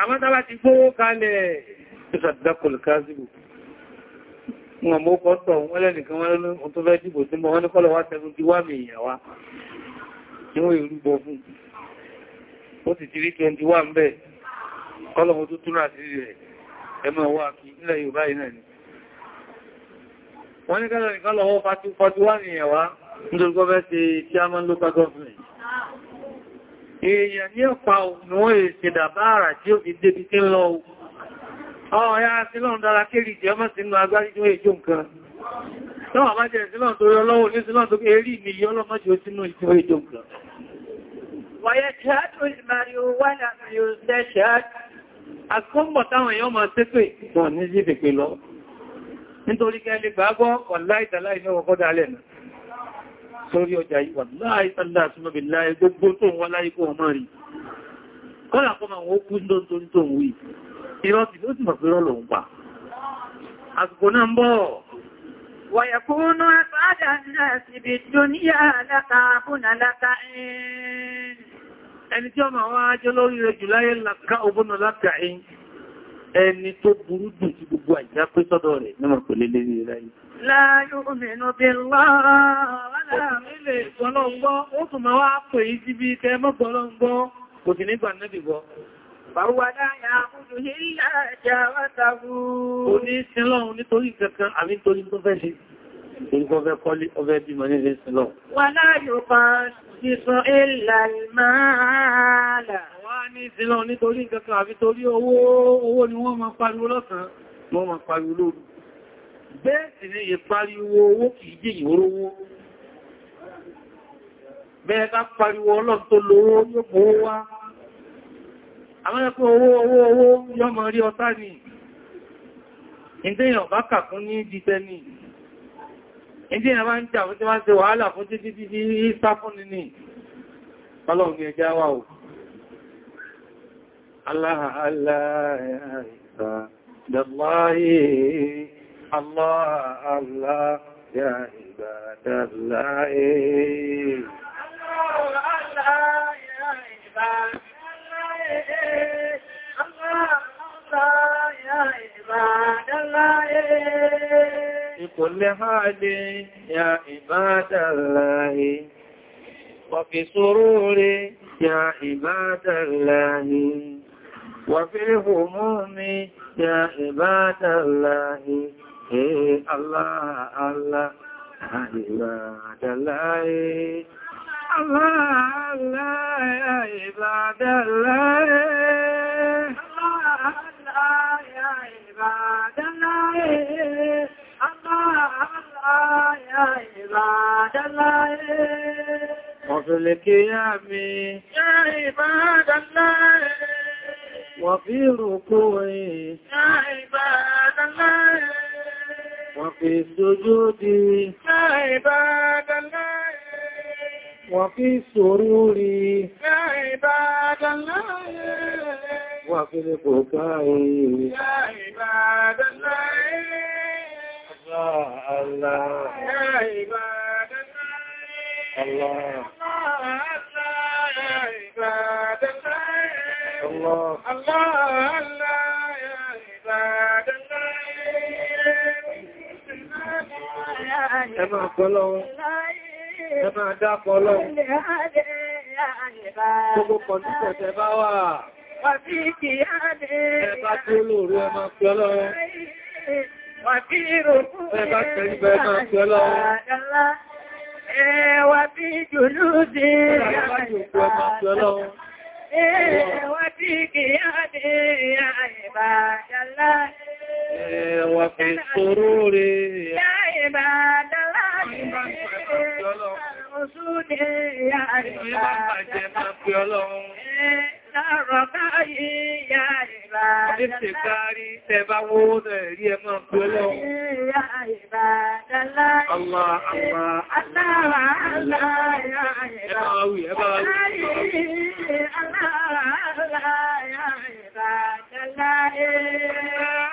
àwọn tàbá ti gbówó kalẹ̀ ìṣàdákùn kásìbò wọn mọ́ kọ́tọ̀ wọ́n lẹ́nìkan wọ́n tó fẹ́ dìbò sí mọ́ wọ́n ní kọ́lọ̀ wá tẹ́gùn ti wá mi ìyàwá níwọ̀n ìrúbọ fún ó sì ti rí 21 bẹ́ẹ̀ kọ́lọ̀ mọ́ tó túnrà sí rẹ̀ ẹmọ wá kí nílẹ̀ Yorùbá yìí náà ni wọ́n ní kọ́lọ̀ nìkan lọ́wọ́ 41 ìyàwá nítorí gọ́fẹ́ ti chairman local government èèyàn ní ọ̀pá òun wọ́n èsì dàbá àrà tí ó fi débi tí ń lọ ọ̀yá sílọ́n dára kéèrì jẹ́ ọmọ sínú agbárí tó èjò nǹkan tọ́wà bá jẹ́ sílọ́n tó yọ lọ́wọ́ ní sílọ́n tó kéèrì ní yọ lọ́mọ́jọ́ sínú ìjọ èjò nǹkan ويشهد المرء ولم يستشهد Akọ́mọ̀ táwọn èèyàn máa tẹ́pẹ̀ wọn ní sí ìpèpè lọ. Nítorí kẹ́ lè sórí ọjà wàláì tàlá àtúnmọ̀bì láì gbogbo tó ń wá láyé kó ọmọ rí kọ́lá kọ́ máa wọ́n kú lóntórí tó ń wí irọ́ ti ló sì mọ̀ pé rọ́lọ̀ ń pa àsìkò náà ń bọ̀ wàyàkúnú ẹ̀fàádà náà sì bí dúníyà láta fúnà láta ẹni ẹni tó burú jù tí gbogbo àìyá pé sọ́dọ̀ rẹ̀ ní mọ̀ pẹ̀lẹ̀ lérí ìráyí. Láyé òmìnà bí láàrín Fàwọ́dá ya kúrò hílá ẹja wátàbú. Ó ní sílọ́run nítorí kankan àmì nítorí tó fẹ́ ṣe. Ìgbọ́ fẹ́ kọ́lé ọfẹ́ ní ṣe sílọ́run wá ní ìsinlọ nítorí nǹkankan àfi torí owó owó ni wọ́n máa pariwo lọ́sàn wọ́n máa pariwo lóru bẹ́ẹ̀ sì ni ìpariwo owó kìí jẹ́ ìhórówó bẹ́ẹ̀ ká pariwo ọlọ́run tó lówó yóò mọ́ wá àwọn ẹ̀kọ́ owó owó owó yọ́ ni ìdíyàn bá kàkún ní jíṣẹ́ ni ìdíyàn bá ń jà fún tí wá ń ṣe wàhálà fún títí ni ni ọlọ́run ẹjá wà ò الله لا إله إلا الله الله الله يا عباد الله الله الله يا عباد الله الله يا عباد الله في كل حال يا عباد الله وفي سرور يا عباد الله وفي الهموم يا عباد الله إيه الله الله عباد الله الله الله يا عباد الله الله الله يا عباد الله الله الله يا عباد الله وفي القيام يا عباد الله وفي ركوع يا عباد الله وفي سجود يا عباد الله وفي سرور يا عباد الله وفي البكاء يا عباد الله الله الله يا عباد الله الله الله الله الله يا عباد الله ẹ máa pọ̀ lọ́wọ́ ẹ máa dá pọ̀ lọ́wọ́ gbogbo kọ̀díṣẹ̀ tẹ bá wà ẹ bá tí ó lóòrú ẹ máa pọ̀ lọ́wọ́ ẹ bá tẹ̀lú ẹ máa pọ̀ lọ́wọ́ ẹ wà bí jùlú dé ẹ bá ẹ وفي السرور يا عباد الله الرسول يا عباد الله Dárọ̀ káyé yá ìbàdá. Adé ṣe kárí tẹba wó náà rí ẹ máa gbé lọ́wọ́. Yá ìbàdá láyé. Àmà àmà. Alára aláyá ìbàdá. Ẹ máa wí, ẹ máa wí. Alára aláyá ìbàdá láyé.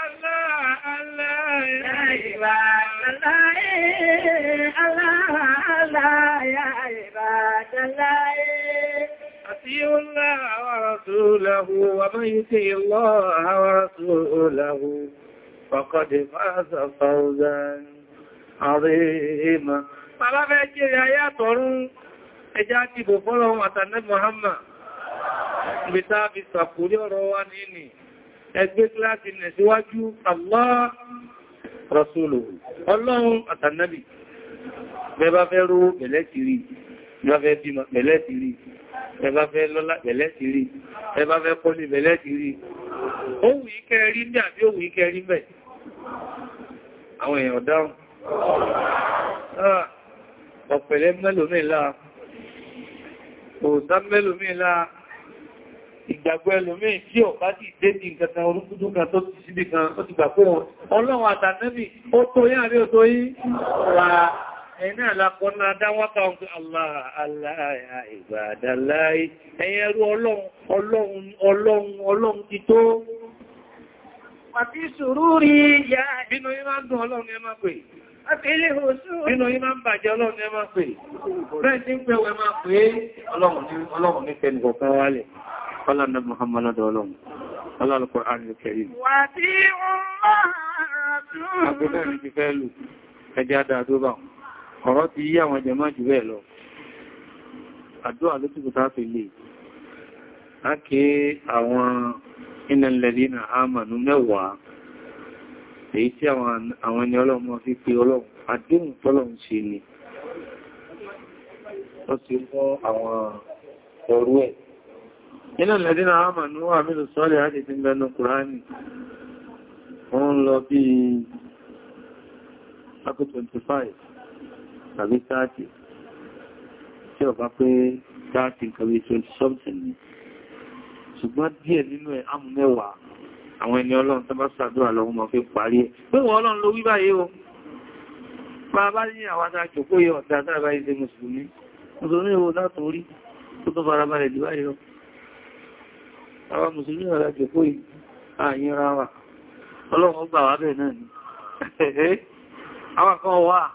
Alára aláyá ìbàdá láyé. Alára aláyá ìbàdá láyé. أطيعوا الله ورسوله ومن يطيع الله ورسوله فقد فاز فوزا عظيما Bàbá fẹ́ kéré ayé àtọ̀run ẹjá ti bò fọ́lọ́run àtànẹ́ Muhammad. Bìta fi sàkórí ọ̀rọ̀ wá nínú ẹgbẹ́ kíláàsì nẹ̀ síwájú Allah Rasuluhu, Ọlọ́run àtànẹ́bì. Bẹ́bá fẹ́ rú bẹ̀lẹ́ ti rí, bẹ́bá fẹ́ bímọ bẹ̀lẹ́ ti rí ẹbá fẹ́ lọ́lá bẹ̀lẹ́ ti rí ẹbá fẹ́ pọ́lì bẹ̀lẹ́ ti rí ohun ìkẹ́ rí ní àbí ohun ìkẹ́ rí mẹ́ àwọn èèyàn dáhùn ah, ọ̀pẹ̀lẹ́ mẹ́lòmílá òòsá mẹ́lòmílá ìgbàgbọ́ ẹlòmí tí ò bá ti dé ní nǹkan orúkúdú kan tó ti síbì kan ó ti gbà fún wọn ọlọ́run àtànẹ́bì ó tó yá rí ó tó yí rárá ẹ̀nà àlàkọ́nà dáwọ́ta ọ̀pẹ́ Allah aláà ìbàdàláì ẹ̀yẹrú ọlọ́run ti tó. Àti sùúrù yà nínú yí máa ń dùn ọlọ́run ẹ máa pè. Àti ilé òṣù nínú yí máa ń bàjẹ́ ọlọ́run ẹ máa pè. Bẹ́ẹ̀ tí ń pẹ́ wẹ máa pè ọlọ́run ní fẹ́ nìkọ̀kan wálẹ̀. Ọlọ́run Muhammadu ọlọ́run ọ̀rọ̀ ti yí àwọn jẹmọ́ jù bẹ́ẹ̀ lọ àdúrà ló tí kò tá fi lè ákè àwọn innal-ladhina amanu mẹ́wàá èyí tí àwọn ẹni ọlọ́mọ fi pé ọlọ́run àdéhùn tọ́lọ́run ṣe ni ó ti fún àwọn ẹrú ẹ̀ innal-ladhina amanu wa amilu s-salihati ti ń bẹnu Kùránì wọ́n lọ bí i 25 tàbí 30 tí ọ̀bá pé 30 kàbí 20 something ni ṣùgbọ́n díẹ̀ nínú ẹ̀ ámù mẹ́wàá àwọn ẹni ọlọ́run tó bá ṣàdúrà lọ́wọ́ ma fi parí ẹ̀ pé wọ́n ọlọ́run ló wíbà yíò pa bá ní àwádá jòkó yọ ọ̀dá tàbá ìṣe mùsùlùmí mùsùlùmí wo látò orí tó tó fara balẹ̀ dìbà yọ àwọn mùsùlùmí ọ̀dá jòkó yìí àyíra wà ọlọ́run ó gbà wá bẹ́ẹ̀ náà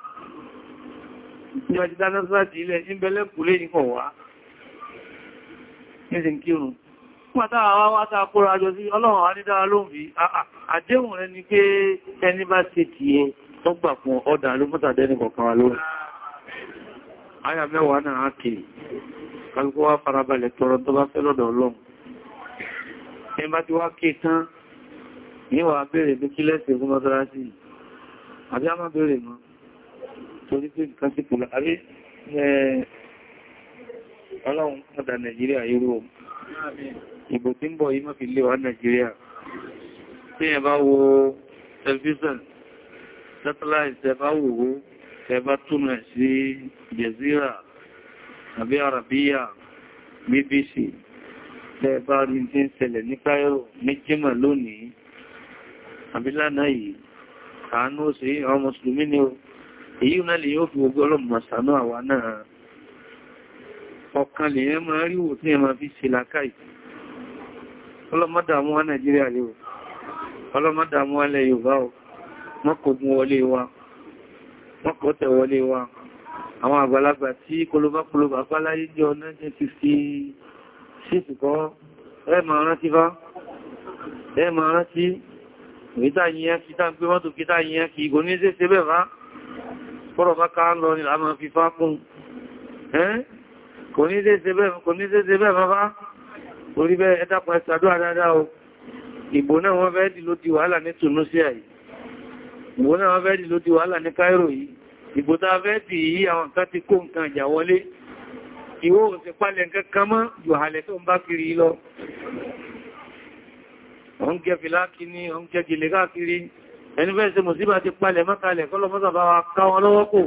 ní ọjọ́ dánásíláti ilẹ̀ ní bẹ̀lẹ́kùlé ní kọ̀wàá ní ṣìnkírùn pàtàwà wá ta kóra àjọ sí ọlọ́run ànídára ló ń fi àdéhùn rẹ ni pé ẹni bá ṣe tí ẹ tó gbà fún ọdá ló mọ́tàdẹ́ni kọ̀kan wa lórí àyà mẹ́wàá náà á kìí kálùkú wá farabalẹ̀ tọrọ tó bá fẹ́ lọ́dọ̀ ọlọ́run ẹ bá ti wá kí tán níwà torí pé kan sí kùlá àrí ọlọ́run padà Nàìjíríà yóò rò ìbò tí ń bọ̀ yí mọ́ fi lé wa Nàìjíríà tí ẹ bá wo television satellite ẹ bá wòwó ẹ bá túnmẹ̀ sí Jazeera àbí Arabiya BBC ẹ bá rí tí ń ṣẹlẹ̀ ní Cairo ní jimá lónìí àbí lánàá yìí àánú sí àwọn mùsùlùmí ni o èyí náà lè yóò fi gbogbo ọlọ́mọ sànú àwa náà ọ̀kan lè yẹn máa ríwò tí ẹ máa fi ṣe làkáì ọlọ́mọdàmú wa Nàìjíríà lè wò ọlọ́mọdàmú wa lẹ Yorùbá o mọ́kògùn wọlé wa mọ́kòtẹ̀ wọlé wa àwọn àgbàlagbà tí kolobákolobà bá láyé jọ 1956 kọ́ ẹ máa rántí bá ẹ máa rántí ìgbítà yìnyẹn kí tá pọ́rọ̀ bá ká lọ ní àmà fífá kún kò ní déédé bẹ́ẹ̀ bá bá orí bẹ́ẹ̀ ẹ́dàpọ̀ ẹ̀sàdúrà dáadáa o ìbò náà wọ́n fẹ́ dì ló ti wàhálà ní Tunisia yìí ìbò náà wọ́n fẹ́ dì ló ti wàhálà ní Cairo yìí ìbò tá fẹ́ dì kiri ẹni fẹ́ ṣe mùsíbà ti palẹ̀ mọ́kalẹ̀ kọ́lọmọ́sà bá wa ká wọn lọ́wọ́ kò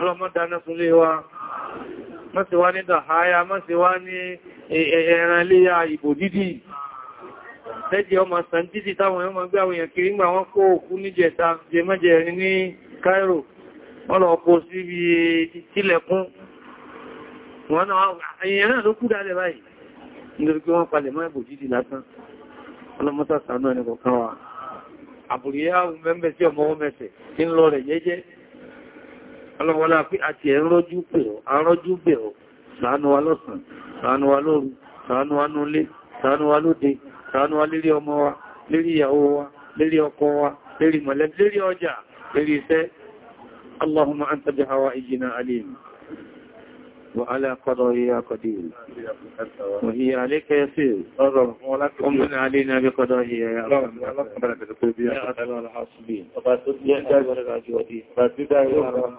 ọlọ́mọ́ dáná súnlé wa mọ́ sí wá ní dàháyá mọ́ sí wá ní ẹ̀ẹ̀rẹ̀ léyà ìbò dídì tẹ́jẹ ọmọ sàndídì táwọn ọmọ gbé àwọn èèyàn Cairo wọ́n lọ kó sí ibi tílẹ̀kún wọ́n náà èèyàn náà ló kú dálẹ̀ báyìí nítorí ọlọ́mọ́sá sànú ẹni kọ̀kan wa àbùrìyá mẹ́mẹ́ tí ọmọ mẹ́sẹ̀ tí ń lọ rẹ̀ jẹ́jẹ́ ọlọ́wọ́lá pé àti ẹ̀ rọ́jú pèrò arọ́jú pèrò ṣàánú wa lọ́sàn ṣàánú wa lóru ṣàánú wa núlé ṣàánú wa lóde ṣàánú wa lérí ọmọ wa lérí ìyàwó wa lérí ọkọ wa lérí Allahumma anta bi hawa alim وعلى قضايا قدير وهي عليك يسير ومن علينا بقضايا يا رب يا رب العاصبين يا يا رب يا رب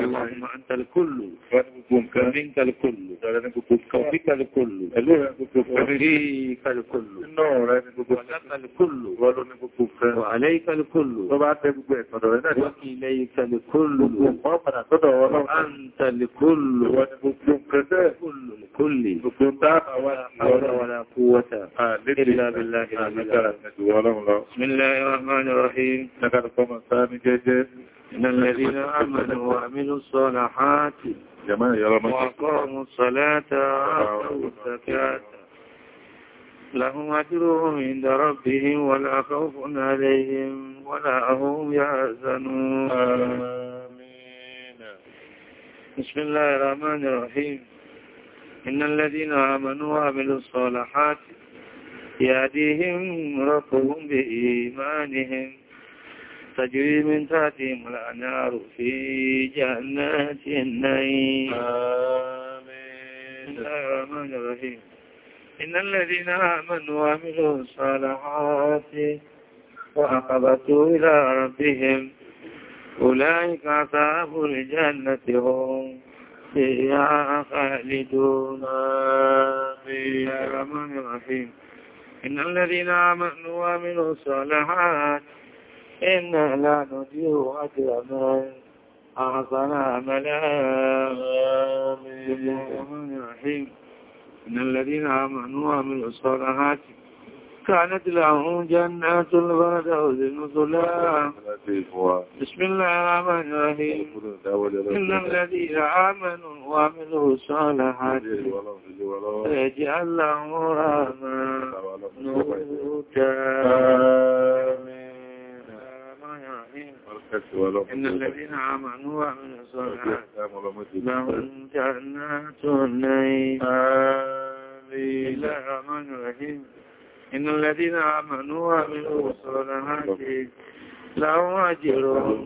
اللهم أنت الكل ومنك الكل وفيك الكل وفيك الكل ولك الكل وعليك الكل وإليك الكل وأنت لكل وكذا كل ولا ولا قوة آه، إلا بالله بسم الله الرحمن الرحيم إن الذين آمنوا وعملوا الصالحات وأقاموا الصلاة وآتوا الزكاة لهم أجرهم عند ربهم ولا خوف عليهم ولا هم يحزنون بسم الله الرحمن الرحيم إن الذين آمنوا وعملوا الصالحات يهديهم ربهم بإيمانهم تجري من تحتهم الأنهار في جنات النعيم آمين بسم الله الرحمن الرحيم إن الذين آمنوا وعملوا الصالحات وأقبتوا إلى ربهم أولئك أصحاب الجنة هم فيها خالدون آمين يا رحمن الرحيم إن الذين آمنوا وعملوا الصالحات إنا لا نضيع أجر من أحسن عملا آمين يا رحمن الرحيم إن الذين آمنوا وعملوا الصالحات كانت له جنات الفردوس نزلا بسم الله الرحمن الرحيم إن الذين آمنوا وعملوا الصالحات يجعل لهم رحمة نوتا إن الذين آمنوا وعملوا الصالحات لهم جنات النعيم آمين بسم الله الرحمن الرحيم إن الذين آمنوا وعملوا الصالحات لهم أجر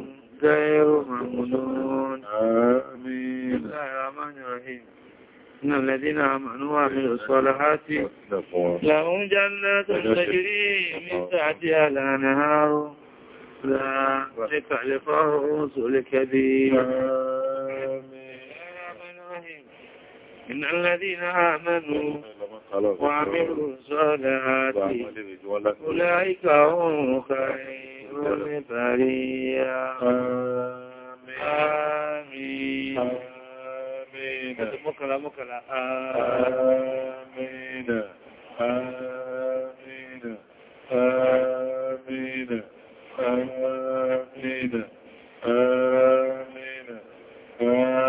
غير ممنون آمين بسم الله الرحمن الرحيم إن الذين آمنوا وعملوا الصالحات لهم جنات تجري من تحتها الأنهار ذلك رفاه الكبير آمين إن الذين آمنوا وعملوا الصالحات أولئك هم خير البرية آمين آمين مكلا مكلا آمين آمين آمين آمين آمين آمين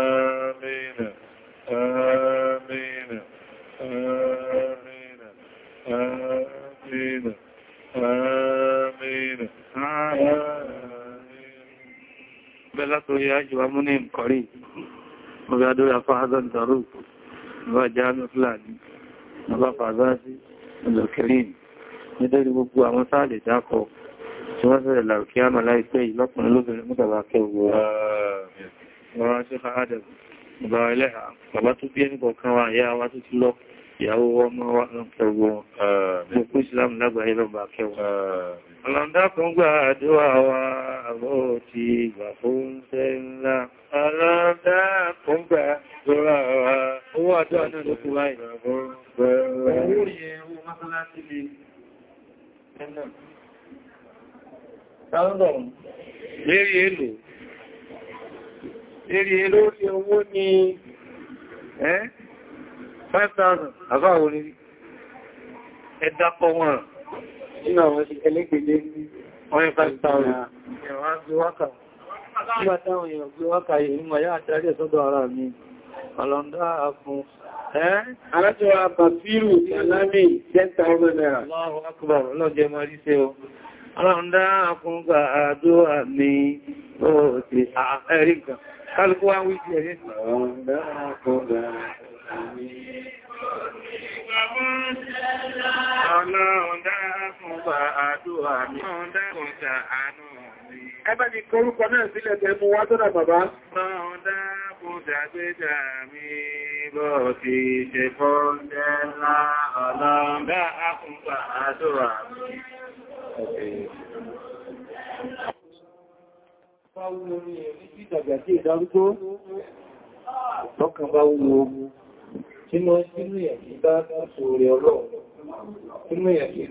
bẹ látòrí àjúwà mú ní ìkọrí ọgbà adóra fáhazán dàrú ọba jáánú fúlàní ọba fàzásí ọlọ́kẹrin nítorí gbogbo àwọn sáàlẹ̀ dákọ tí wọ́n sẹ̀rẹ̀ làrùkí àmà láìpẹ́ ìlọ́kùnrin lóbìnrin mọ́tàbà kẹwọ́ ọ̀rọ̀ ṣe ìyàwó ọmọ wa lọ kẹwọ gbogbo islam lágbàáyé lọ bá kẹwọ ọlọ́ndákùn gbà àdúwà wa àbọ́ ti gbà fún tẹ́ ńlá ọlọ́ndákùn gbà àdúwà wa owó àdúwà náà ló kú láì Lérí èlò, lérí èlò orí owó ni, ẹ́? 5,000 àfáàwò ní ẹ̀dàpọ̀ wọn nínú àwọn ẹlẹ́gbẹ̀lẹ́ wọ́n 5,000 ẹ̀wọ̀n á gbé wákà nígbà táwọn èèyàn gbé wákà yìí mọ̀ yá àtàrí ẹ̀sọ́dọ̀ ara mi ọlọ́ndá àfún ẹ́ alájọ́ àbàfíìrù alámì 10,000 naira Allahu akbar ọlọ́jẹ́ mọ́ rí sí ọ ọlọ́ndá àfún gbà àdó àmì ó ti àárín kan kálùkú wá ń wí Ọlọ́run dákùn bá àdúwà mi, ọlọ́run dákùn sàánú mi. Ẹbẹ́ ni korúkọ náà sílẹ̀ tẹ́ mú wá tọ́nà bàbá. Ọlọ́run dákùn sàgbéjà mi bọ́ ti ṣe fọ́ndẹ́ ńlá, ọlọ́run dákùn bá àdúwà mi. Báwo ni èrí sí ìdàgbà sí ìdárúgbó? Tọ́kàn wúwo ogun sínú ẹ̀kí bá sórí ọlọ́run